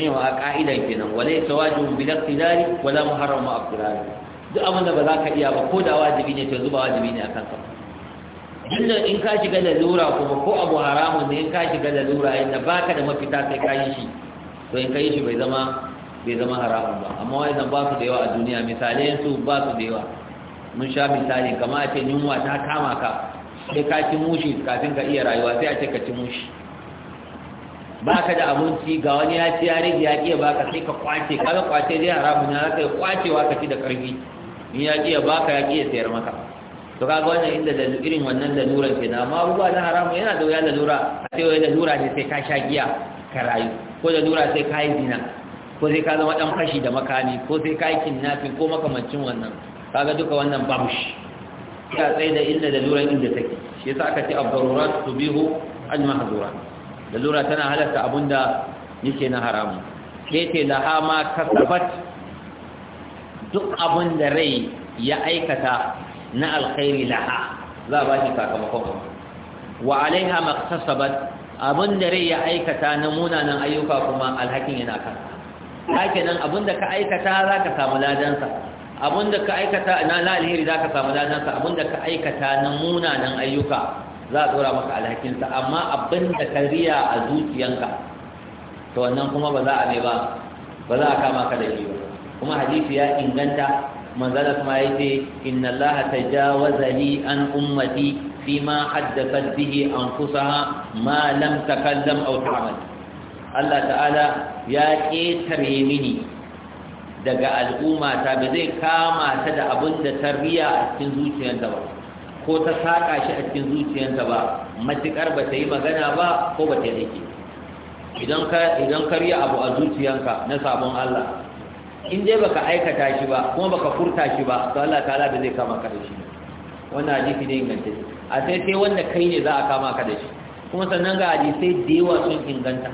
ne wa ka'idan kenan wala tawajjuhu bil iqtidari wala muharram ma duk abin da ba za ka iya ba ko da wajibi ne to zuba wajibi ne akan ka duk in ka shiga lalura kuma ko abu haramun ne in ka shiga lalura inda baka da mafita sai ka yi shi to in ka yi shi bai zama bai zama haramun ba amma zan ba su da yawa a duniya misalai su ba su da yawa mun sha misali kama a ce yunwa ta kama ka sai ka ci mushi kafin ka iya rayuwa sai a ce ka ci mushi ba ka da abinci ga wani ya ci ya rage ya iya baka sai ka kwace ga kwace zai haramun ya zaka kwacewa ka ci da ƙarfi in ya iya baka ya iya sayar maka to kaga wannan inda da irin wannan laluran ke na amma abubuwa na haramu yana da wuya lalura sai da lalura ne sai ka sha giya ka rayu ko lalura sai ka yi zina ko sai ka zama dan fashi da makami ko sai ka yi kidnapping ko makamancin wannan kaga duka wannan babu shi ka tsaye da illa laluran inda take shi yasa aka ce abdarurat tubihu al mahdura lalura tana halarta abunda yake na haramu sai ce laha ma kasabat duk abin da rai ya aikata na alkhairi laha za a ba shi sakamakon wa alaiha maktasabat Abun da rai ya aikata na munanan ayyuka kuma alhakin yana kan haka nan abin da ka aikata zaka samu ladansa abin da ka aikata na alheri zaka samu ladansa abin da ka aikata na munanan ayyuka za a tsora maka alhakinsa amma abin da ka riya a zuciyanka to wannan kuma ba za a ne ba ba za a kama ka da shi ba kuma hadisi ya inganta manzala kuma ya ce inna Allah tajawaza li an ummati fima haddathat bihi anfusaha ma lam takallam aw ta'mal Allah ta'ala ya ketare mini daga al'umma ta ba zai kama ta da abin da riya a cikin zuciyarta ba ko ta saka shi a cikin zuciyarta ba matukar ba ta yi magana ba ko ba ta yi idan ka idan abu a zuciyarka na sabon Allah in dai baka aikata shi ba kuma baka furta shi ba to Allah ta'ala ba zai kama ka da shi wannan hadisi ne inganta a sai sai wanda kai ne za a kama ka da shi kuma sannan ga hadisi da yawa sun inganta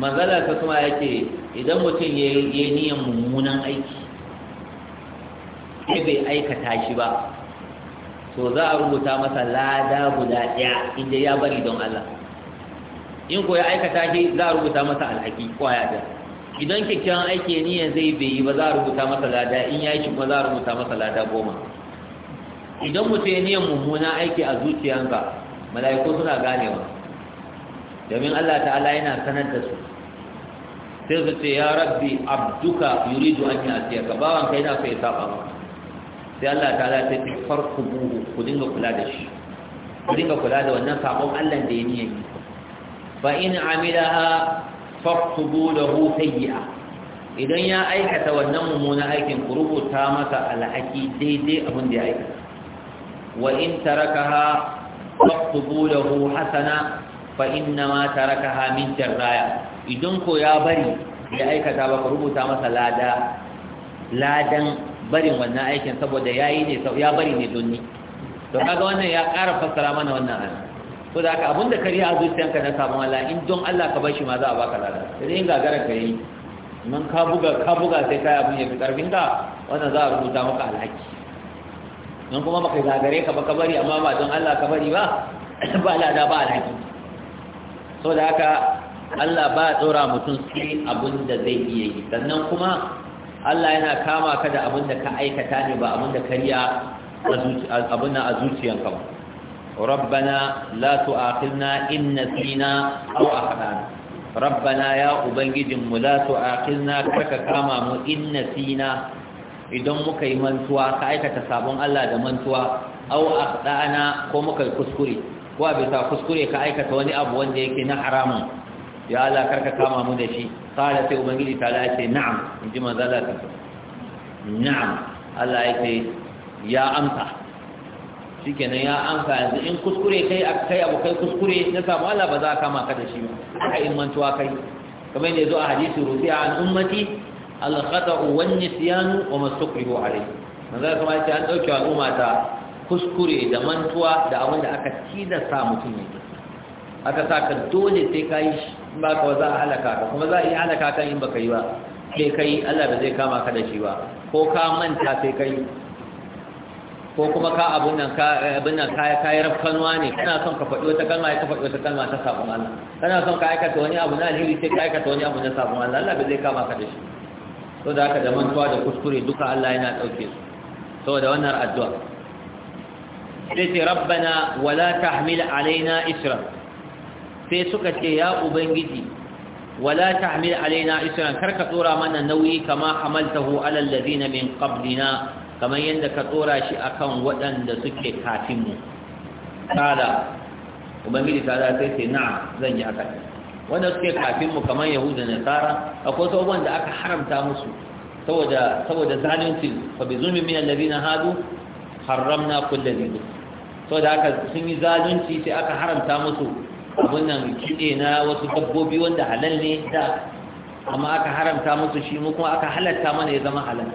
manzala ta kuma yake idan mutum ya yi niyan mummunan aiki sai bai aikata shi ba to za a rubuta masa lada guda ɗaya inda ya bari don Allah in ko ya aikata shi za a rubuta masa alhaki kwaya ɗaya idan kyakkyawan aiki niyan zai bai yi ba za a rubuta masa lada in ya yi kuma za a rubuta masa lada goma idan mutum ya niyan mummuna aiki a zuciyanka mala'iku suna ganewa domin Allah ta'ala yana sanar da su sai su ce ya rabbi abduka yuridu an asiya ka bawan kai na sai ya saba maka sai Allah ta'ala ta ce farku buhu ku dinga kula da shi ku dinga kula da wannan sabon Allah da ya niyan yi fa in amilaha faktubu lahu sayyi'a idan ya aikata wannan mummunan aikin ku rubuta masa alhaki daidai abin da ya aikata wa in tarakaha faktubu lahu hasana fa inna ma tarakaha min jarraya idan ko ya bari ya aikata ba ku rubuta masa lada ladan barin wannan aikin saboda yayi ne ya bari ne don ni to kaga wannan ya ƙara fassara mana wannan ayat so da aka abinda kare a zuciyanka na sabon Allah in don Allah ka bashi ma za a baka lada sai dai in gagara ka yi man ka buga ka buga sai kai abin ya fi karfin ka wannan za a rubuta maka alhaki don kuma baka gagare ka ba ka bari amma ba don Allah ka bari ba ba lada ba alhaki so da haka Allah ba tsora mutum sai abin da zai iya yi sannan kuma Allah yana kama ka da abin da ka aikata ne ba abin da kariya abin a zuciyanka ba ربنا لا تؤاخذنا إن نسينا أو أخطأنا ربنا يا أبنجم لا تؤاخذنا كما إن نسينا idan muka yi mantuwa ka aikata sabon Allah da mantuwa au akhdana ko muka kuskure ko bisa kuskure ka aikata wani abu wanda yake na haramun ya Allah karka kama mu da shi qala sai ubangiji ta Allah ce na'am inji manzo Allah ta na'am Allah yake ya amsa kenan ya amsa yanzu in kuskure kai kai abu kai kuskure na samu Allah ba za ka kama ka da shi ba a in kai kamar yadda zo a hadisi rufi'a an ummati al khata'u wan nisyan wa mastakrihu alayhi manzo kuma ce an dauke al'umma ta kuskure da mantuwa da abin da aka tilasta mutum ne aka sa ka dole sai kai shi ba ka za a halaka ka kuma za a yi halaka kan in baka yi ba sai kai Allah ba zai kama ka da shi ba ko ka manta sai kai ko kuma ka abin nan ka eh, abun nan kai kai rafkanwa ne kana son ka faɗi wata kalma ka faɗi wata kalma ta sabon Allah kana son ka aikata wani abu na alheri sai ka aikata wani abu na sabon Allah Allah bai kama ka da shi to da haka da mantuwa da kuskure duka Allah yana dauke su saboda wannan addu'a sai ce rabbana wala tahmil alaina isra sai suka ce ya ubangiji wala tahmil alaina isra karka dora mana nauyi kama hamaltahu ala alladhina min qablina kamar yadda ka tsora shi kan waɗanda suke kafin mu kada ubangiji ta za sai sai na'a zan yi haka wanda suke kafin mu kamar yahuda da nasara akwai sauran da aka haramta musu saboda saboda zalunci fa bi zulmi min na hadu harramna kulli dhikr saboda aka sun yi zalunci sai aka haramta musu abun nan kide na wasu dabbobi wanda halal ne da amma aka haramta musu shi mu kuma aka halatta mana ya zama halal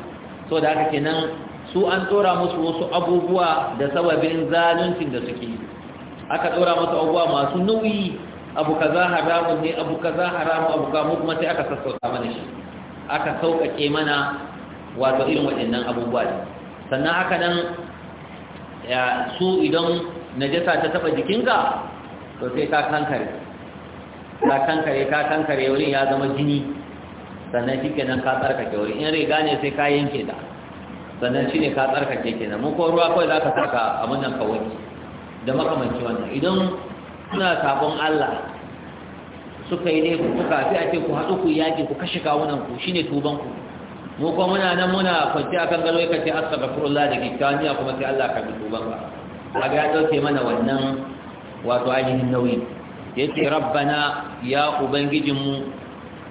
so da haka kenan su an tsora musu wasu abubuwa da sababin zaluncin da suke aka tsora musu abubuwa masu nauyi abu za haramun ne abu za haramu abu ka kuma sai aka sassauta mana shi aka sauƙaƙe mana wato irin waɗannan abubuwa ne sannan haka nan su idan najasa ta taɓa jikinka to sai ka kankare ka kankare ka kankare wurin ya zama jini sannan shi kenan ka tsarkake wurin in riga ne sai ka yanke ta sannan shi ne ka tsarkake ke mun ko ruwa kawai za ka saka a wannan ka da makamanci wannan idan suna sabon Allah suka yi ku kuka fi a ce ku haɗu ku yaƙi ku kashe kawunan ku ne tuban ku mu kuma muna nan muna kwanci kan galo yaka ce astaghfirullah da a kuma sai Allah ka bi tuban a ga ya ɗauke mana wannan wato ainihin nauyi yace rabbana ya ubangijinmu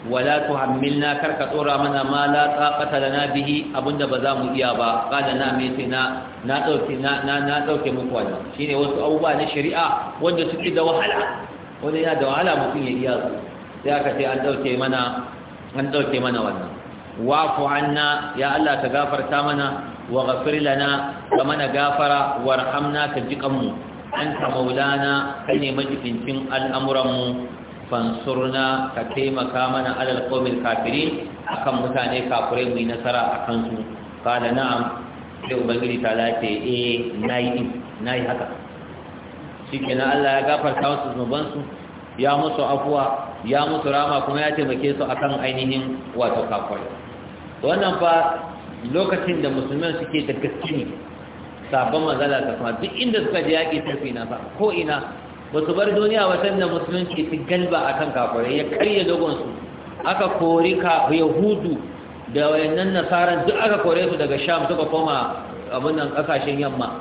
wala tuhammilna karka tsora mana ma la taqata lana bihi abunda ba za mu iya ba kada na me sai na na dauke na na na dauke muku wannan shine wasu abubuwa na shari'a wanda suke da wahala wanda yana da wahala mutum ya iya su sai aka ce an dauke mana an dauke mana wannan wafu anna ya Allah ka gafarta mana wa ghafir lana ka mana gafara warhamna ka jikan mu anta maulana kai ne majibincin al'amuran mu fansurna ka taimaka mana alal qawmil kafirin akan mutane kafirai mu yi nasara a akan su kada na'am sai ubangiji ta lace eh na yi haka na Allah ya gafarta musu zunuban su ya musu afuwa ya musu rama kuma ya taimake su akan ainihin wato kafirai wannan fa lokacin da musulman suke da gaske ne sabon mazala ta kuma duk inda suka je yaƙi tafi na fa ko ina ba su bar duniya ba sannan musulunci su galba kan kafirai ya karya dogonsu aka kori ka yahudu da wayannan nasaran duk aka kore su daga sham suka koma abin nan kasashen yamma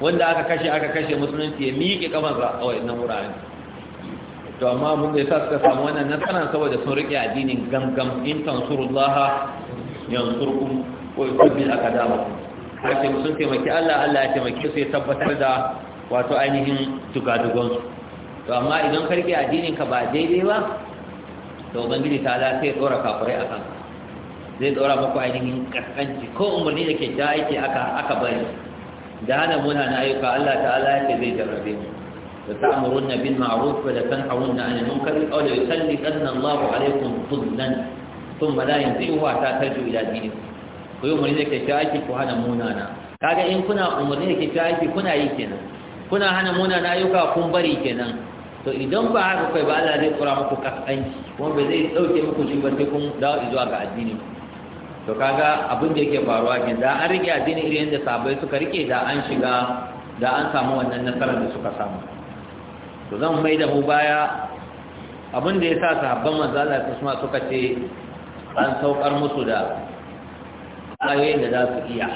wanda aka kashe aka kashe musulunci ya miƙe kafansa a wayannan wuraren to amma mun da yasa suka samu wannan nasara saboda sun riƙe addinin gangam in tansurullaha yansurkum wa yusabbit akadama kace musulunci sun taimaki Allah Allah ya taimake su ya tabbatar da wato ainihin dugadugonsu to amma idan karke addinin ka ba daidai ba to ubangiji ta ala sai dora kafirai akan zai dora muku ainihin kaskanci ko umarni da ke ja yake aka aka bari da hana muna na ayyuka Allah ta'ala ya ce zai jarrabe mu da ta'murun bil ma'ruf wa la tanhawun 'anil munkar aw la yusallitanna Allah 'alaykum dhullan thumma la yanzihu hatta tarju ila dinikum ko umarni da ke ja yake ku hana muna na kaga in kuna umarni da ke ja yake kuna yi kenan kuna hana muna ayyuka kun bari kenan to idan ba haka kai ba Allah zai tsora muku kaskanci kuma ba zai dauke muku shi ba sai kun dawo zuwa ga addini to kaga abin da yake faruwa ke da an rike addini irin da sabai suka rike da an shiga da an samu wannan nasarar da suka samu to zan mai da mu baya abin da yasa sahabban manzo Allah kuma suka ce an saukar musu da ayoyin da za su iya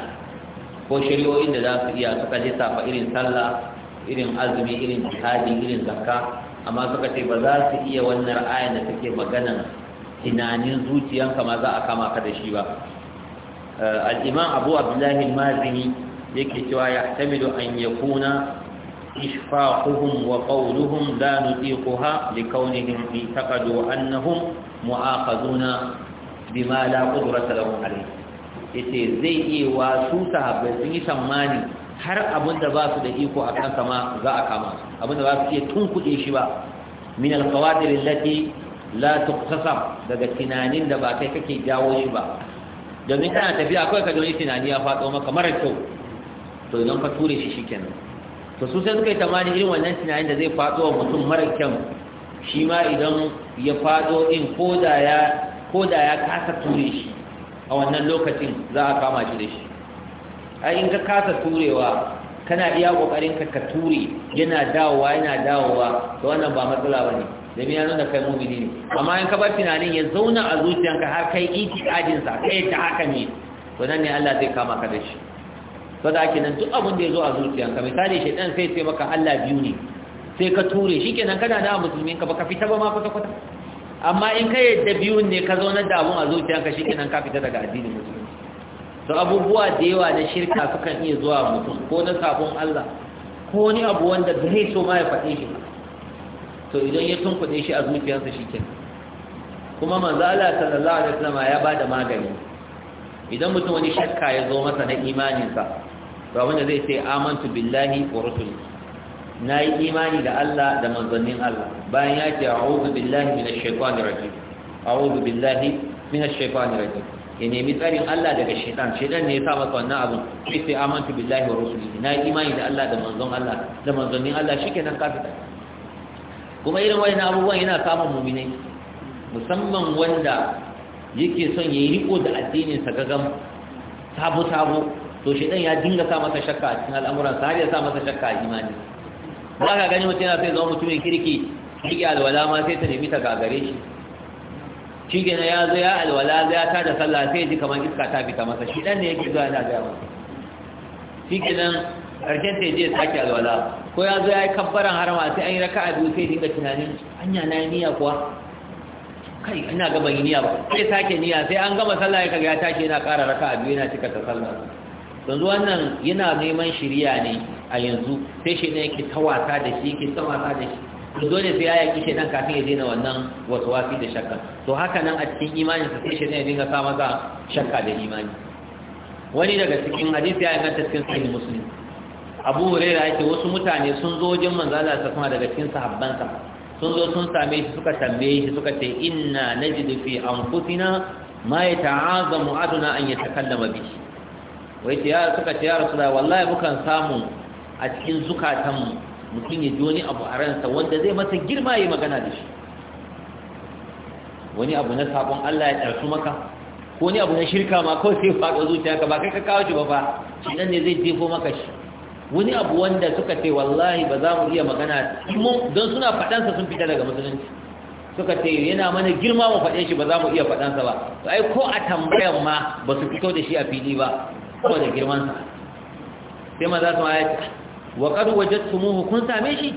ko shari'o'in da za su iya suka je safa irin sallah irin azumi irin jihadi irin zakka amma suka ce ba za su iya wannan ayan da take maganan tunanin zuciyanka ma za a kama ka da shi ba eh, Al'iman abu abdullahi mazini yake cewa ya tamidu an yakuna ishfaquhum wa qawluhum la nutiquha likawnihim i'taqadu annahum mu'aqaduna bima la qudrata lahum alayh yace zai iya wa su sahabbai sun yi tsammani har abun da ba su da iko a kansa ma za a kama su da ba su iya tunkuɗe shi ba min alkawadir lati la tuqtasam daga tunanin da ba kai kake jawo shi ba domin kana tafiya akwai ka doni tunani ya faɗo maka mara kyau to idan ka ture shi shikenan to su sai suka yi tamani irin wannan tunanin da zai faɗo wa mutum mara kyau shi ma idan ya faɗo in ko da ya kasa ture shi a wannan lokacin za a kama shi da shi a in ka kasa turewa kana iya kokarin ka ka ture yana dawowa yana dawowa to wannan ba matsala bane da biya nuna kai mumini ne amma in ka bar tunanin ya zauna a zuciyanka har kai itikadin sa kai ta haka ne to nan ne Allah zai kama ka da shi to da kenan duk abun da ya zo a zuciyanka misali shedan sai sai maka Allah biyu ne sai ka ture shi kenan kana da musulmi ka baka fita ba ma kwata kwata amma in ka yadda biyun ne ka zauna da abun a zuciyanka shi kenan ka fita daga addinin musulmi to abubuwa da yawa na shirka sukan iya zuwa mutum ko na sabon Allah ko wani abu wanda zai so ma ya faɗe shi to idan ya tunkuɗe shi a zuciyarsa shike kuma manzo Allah sallallahu alaihi wasallam ya bada magani idan mutum wani shakka ya zo masa na imaninsa to wanda zai sai amantu billahi wa rasulihi na yi imani da Allah da manzannin Allah bayan ya ce a'udhu billahi minash shaitani rajim a'udhu billahi minash shaitani rajim ya nemi tsarin Allah daga shaitan shaitan ne ya sa masa wannan abin sai sai amantu billahi wa rasulihi na imani da Allah da manzon Allah da manzonin Allah shikenan ka fita kuma irin wayannan abubuwan yana samun mu'minai musamman wanda yake son yayi riko da addinin sa gagam sabo sabo to shaitan ya dinga sa masa shakka a cikin al'amuran sa har ya sa masa shakka a imani ba ka gani mutum yana sai zama mutumin kirki kirki alwala ma sai ta nemi ta gagare shi shi gina ya zo ya alwala ya ta da sallah sai ji kamar iska ta fita masa shi dan ne yake zuwa yana gaya masa shi gina karshen sai je sake alwala ko ya zo ya yi kabbaran harama sai an yi raka a biyu sai dinga tunanin anya na niyya kuwa kai ina ga ban yi niyya ba sai sake niyya sai an gama sallah ya kaga ya tashi yana ƙara raka a biyu yana cika ta sallah yanzu wannan yana neman shiriya ne a yanzu sai shi ne yake tawasa da shi yake tawasa da shi to dole sai ya yaki dan kafin ya daina wannan waswasi da shakka to haka nan a cikin imanin sa sai shedan ya dinga sa masa shakka da imani wani daga cikin hadisi ya inganta cikin sahih muslim abu huraira yake wasu mutane sun zo wajen manzo sa kuma daga cikin sahabbansa sun zo sun same shi suka tambaye shi suka ce inna najidu fi anfusina ma yata'azamu aduna an yatakallama bihi wai ce ya suka ce ya rasulullahi wallahi mukan samu a cikin zukatanmu mutum ya ji wani abu a ransa wanda zai masa girma ya yi magana da shi wani abu na sabon Allah ya ɗarsu maka ko wani abu na shirka ma kawai sai faɗa zuciya ka ba kai ka kawo shi ba fa shi nan ne zai jefo maka shi wani abu wanda suka ce wallahi ba za mu iya magana don suna faɗansa sun fita daga musulunci suka ce yana mana girma mu faɗe shi ba za mu iya faɗansa ba ai ko a tambayan ma ba su fito da shi a fili ba da girmansa sai ma za su ma ya wa qad wajadtumuhu kun same shi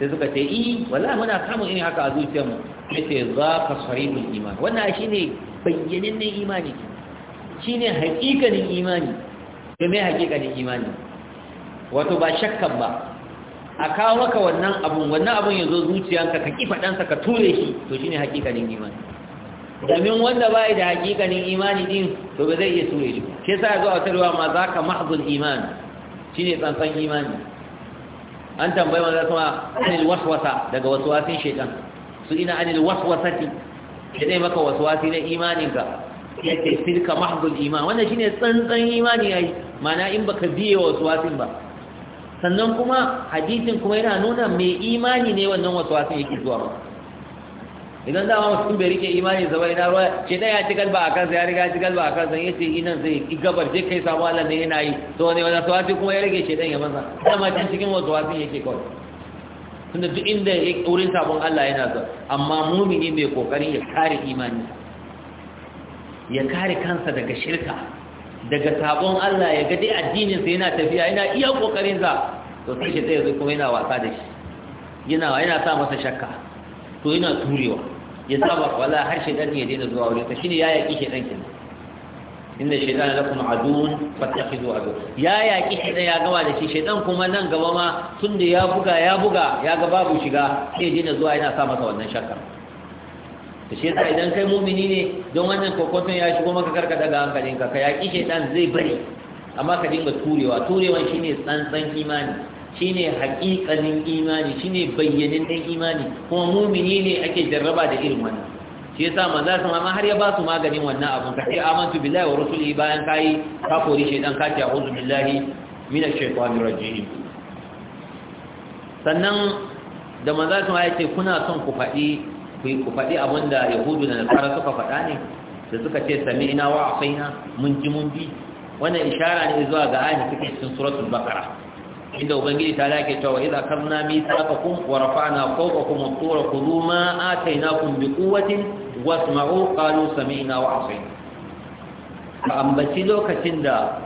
sai suka ce eh wallahi muna kama ini haka a zuciyarmu ka zaka sarihul iman wannan shine bayyanannen imani shine haƙiƙanin imani to mai haƙiƙanin imani wato ba shakkan ba a kawo maka wannan abun wannan abun ya zo zuciyanka ka kifa ɗansa ka ture shi to shine haƙiƙanin imani domin wanda ba da haƙiƙanin imani din to ba zai iya ture shi ke sa zo a tarwa ma za ka mahzul imani shine tsantsan imani an tambayi manzo kuma anil waswasa daga waswasin shaytan su ina anil waswasati da zai maka waswasi na imaninka yake tilka mahdul iman wannan shine tsantsan imani yayi mana in baka biye waswasin ba sannan kuma hadisin kuma yana nuna mai imani ne wannan waswasin yake zuwa ba idan dama mutum bai rike imani zama ina ruwa ce da ya ci galba a kansa ya riga ya ci galba a kansa ya ce inan zai gabar je kai samu Allah ne yana yi to ne wani tawasi kuma ya rage shedan ya banza dama can cikin wasu wasu yake kawai tunda duk inda wurin sabon Allah yana so amma mumini mai kokarin ya kare imani ya kare kansa daga shirka daga sabon Allah ya ga dai addinin sa yana tafiya yana iya kokarin sa to sai shi zai kuma yana wasa da shi yana yana sa masa shakka to yana turewa ya saba wala har shaitan ya daina zuwa wurin ka shine ya yaki dan kin inda shaitan lakum adun fattakhidhu adu ya yaki shaitan ya gama da shi dan kuma nan gaba ma tunda ya buga ya buga ya ga babu shiga sai daina zuwa yana sa masa wannan shakka to shi yasa idan kai mumini ne don wannan kokoton ya shigo maka karka daga hankalinka ka yaki dan zai bari amma ka dinga turewa turewa shine tsantsan imani shine haƙiƙanin imani shine bayyanin imani kuma mumini ne ake jarraba da irin wannan shi yasa manzo sun amma har ya ba su maganin wannan abun ka sai amantu billahi wa rasulihi bayan kai ka kori shi ka ce a'udhu billahi minash shaitanir rajim sannan da manzo sun ya ce kuna son ku faɗi ku faɗi da yahudu da nasara suka faɗa ne da suka ce sami'na wa asaina mun ji mun bi wannan ishara ne zuwa ga ayati cikin suratul baqara inda ubangiji ta lake cewa idza karna mithaqakum wa rafa'na fawqakum at-tura khudhu ma atainakum bi quwwatin wasma'u qalu sami'na wa asayna ambaci lokacin da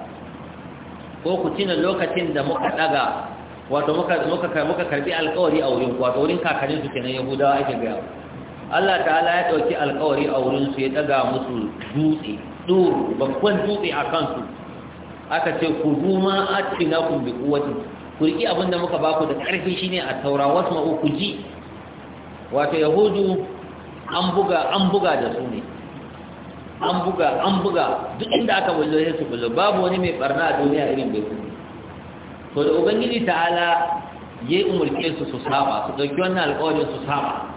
ko ku tina lokacin da muka daga wato muka muka muka karbi alƙawari a wurin wato wurin kakarin su kenan yahudawa ake ga Allah ta'ala ya dauki alƙawari a wurin su ya daga musu dutse dur babban dutse a kansu aka ce ku duma atina kun bi kuwatin ku abinda abin da muka baku da ƙarfi shine a taura wasu ma'u ku ji wato yahudu an buga an buga da su ne an buga an buga duk inda aka bullo sai su bullo babu wani mai barna a duniya irin bai ku to da ubangiji ta'ala ya yi umarce su su saba su ɗauki wannan alƙawarin su saba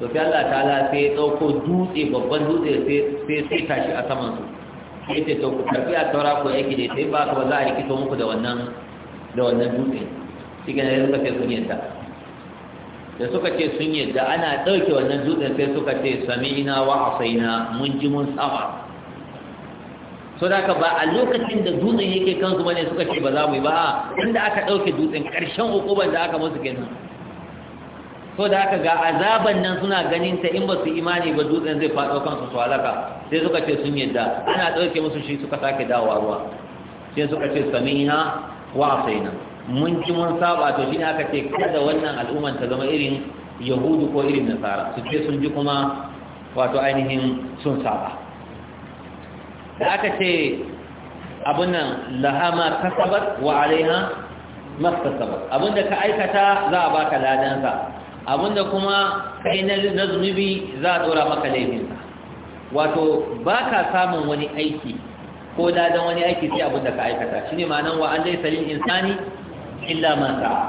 to sai Allah ta'ala sai ya ɗauko dutse babban dutse sai sai tashi a saman su sai ta to ku a taura ku aiki da sai ba ka ba za a rikito muku da wannan da wannan dutse shi ne sai suka ce sun yadda da suka ce sun yadda ana ɗauke wannan dutsen sai suka ce sami'ina wa asaina mun ji mun saba so da ba a lokacin da dutsen yake kansu bane suka ce ba za mu yi ba inda aka ɗauke dutsen ƙarshen hukumar da aka musu kenan so da haka ga azaban nan suna ganin ta in ba su imani ba dutsen zai faɗo kansu su halaka sai suka ce sun yadda ana ɗauke musu shi suka sake dawowa ruwa sai suka ce samina wa asaina mun ji mun saba to shine aka ce kada wannan al'umman ta zama irin yahudu ko irin nasara su ce sun ji kuma wato ainihin sun saba da aka ce abun nan lahama kasabat wa alaiha maskasabat abinda ka aikata za a baka ladansa abinda kuma kai na zunubi za a dora maka laifinsa wato ba ka samun wani aiki ko ladan wani aiki sai abin da ka aikata shine ma'anan wa an laysa lil insani illa ma sa'a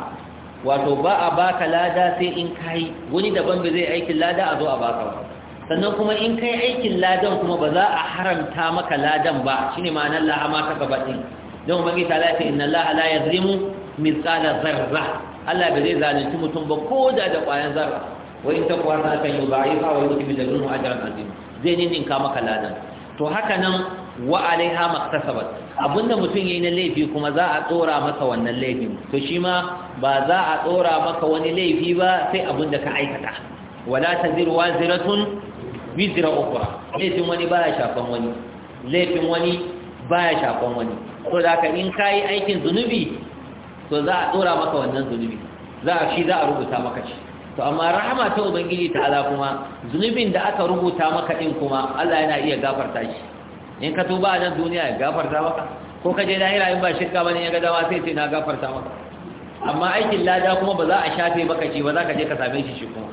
wato ba a baka lada sai in kai wani daban ba zai aikin lada a zo a baka ba sannan kuma in kai aikin ladan kuma ba za a haramta maka ladan ba shine ma'anar la'ama ta gaba din don ubangi ta lafi inna allaha la yazlimu mithqala zarra Allah ba zai zalunci mutum ba ko da da ƙwayan zarra wa in taqwa ta kan yudaifa wa yuti bi ladunhu ajran azim zai ninninka maka ladan to haka nan wa alaiha maktasabat abinda mutum yayi na laifi kuma za a tsora masa wannan laifin to shi ma ba za a tsora maka wani laifi ba sai abinda ka aikata wala taziru waziratun wizra ukhra laifin wani baya shafan wani laifin wani baya shafan wani to da ka in kai aikin zunubi to za a tsora maka wannan zunubi za a shi za a rubuta maka shi to amma rahama ta ubangiji ta'ala kuma zunubin da aka rubuta maka din kuma Allah yana iya gafarta shi in ka tuba a nan duniya ya gafarta maka ko ka je lahira in ba shirka bane ya ga dama sai ce na gafarta maka amma aikin lada kuma ba za a shafe maka shi ba za ka je ka same shi shi kuma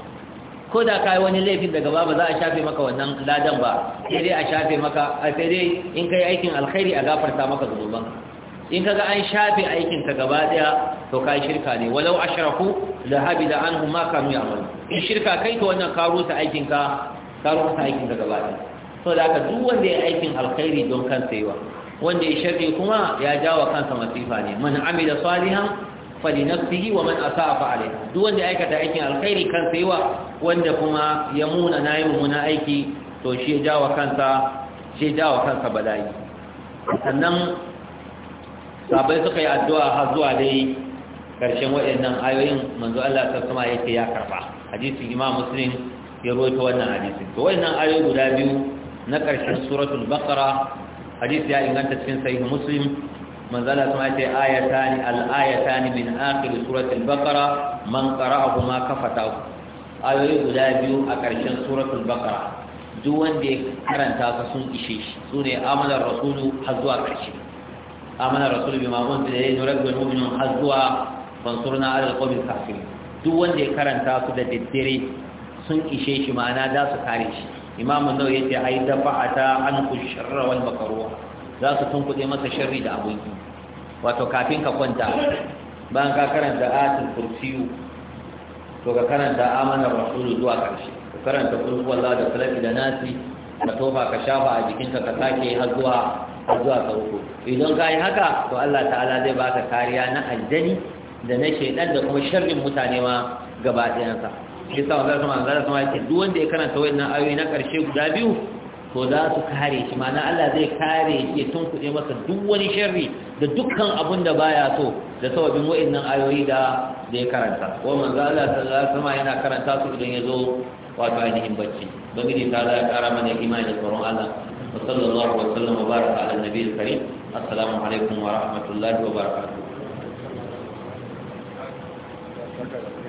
ko da kai wani laifin daga ba ba za a shafe maka wannan ladan ba sai dai a shafe maka sai dai in kai aikin alkhairi a gafarta maka zuban in kaga an shafe aikin ta gaba daya to kai shirka ne walau ashraku la habida anhum ma kanu ya'malu in shirka kai to wannan karuta aikin ka karuta aikin ka gaba daya saboda haka duk wanda ya aikin alkhairi don kansa yawa wanda ya sharri kuma ya jawo kansa masifa ne man amila salihan falinafsihi wa man asaa fa duk wanda aikata aikin alkhairi kansa yawa wanda kuma ya muna nayi muna aiki to shi ya jawo kansa shi jawo kansa bala'i sannan sabai suka yi addu'a har zuwa dai karshen waɗannan ayoyin manzo Allah ta kuma yake ya karba hadisi imam muslim ya rawaito wannan hadisi to waɗannan ayoyi guda biyu na ƙarshen suratul baqara hadisi ya inganta cikin sahih muslim manzala sun ce ayatani al-ayatani min akhir suratul baqara man qara'ahuma kafata ayoyi guda biyu a ƙarshen suratul baqara duk wanda ya karanta su sun ishe shi sune amana rasulu har zuwa ƙarshe amana rasulu da bima yi ilayhi rabbul mu'minun har zuwa na ala alqawmil kafin. duk wanda ya karanta su da daddare sun ishe shi ma'ana za su kare shi imamu nau ya ce ai dafa ta an ku sharra wal za su tunkuɗe masa sharri da abinci wato kafin ka kwanta bayan ka karanta ayatul kursiyu to ka karanta amana rasulu zuwa karshe ka karanta kul huwallahu da salafi da nasi ka tofa ka shafa a jikinka ka sake har zuwa har zuwa ka uku idan ka yi haka to Allah ta'ala zai baka kariya na aljani da na shaidan da kuma sharrin mutane ma gaba ɗayansa shi sa wanda sama wanzar sama yake duk wanda ya karanta wayannan ayoyi na karshe guda biyu to za su kare shi ma'ana Allah zai kare shi ya tunkuɗe masa duk wani sharri da dukkan abin da baya so da sababin wayannan ayoyi da da ya karanta wa manzo Allah sallallahu alaihi wasallam yana karanta su idan ya zo wato ainihin bacci don gidi ta ya kara mana imani da tsoron Allah wa sallallahu wa sallam wa baraka ala nabiyil karim assalamu alaikum wa rahmatullahi wa barakatuh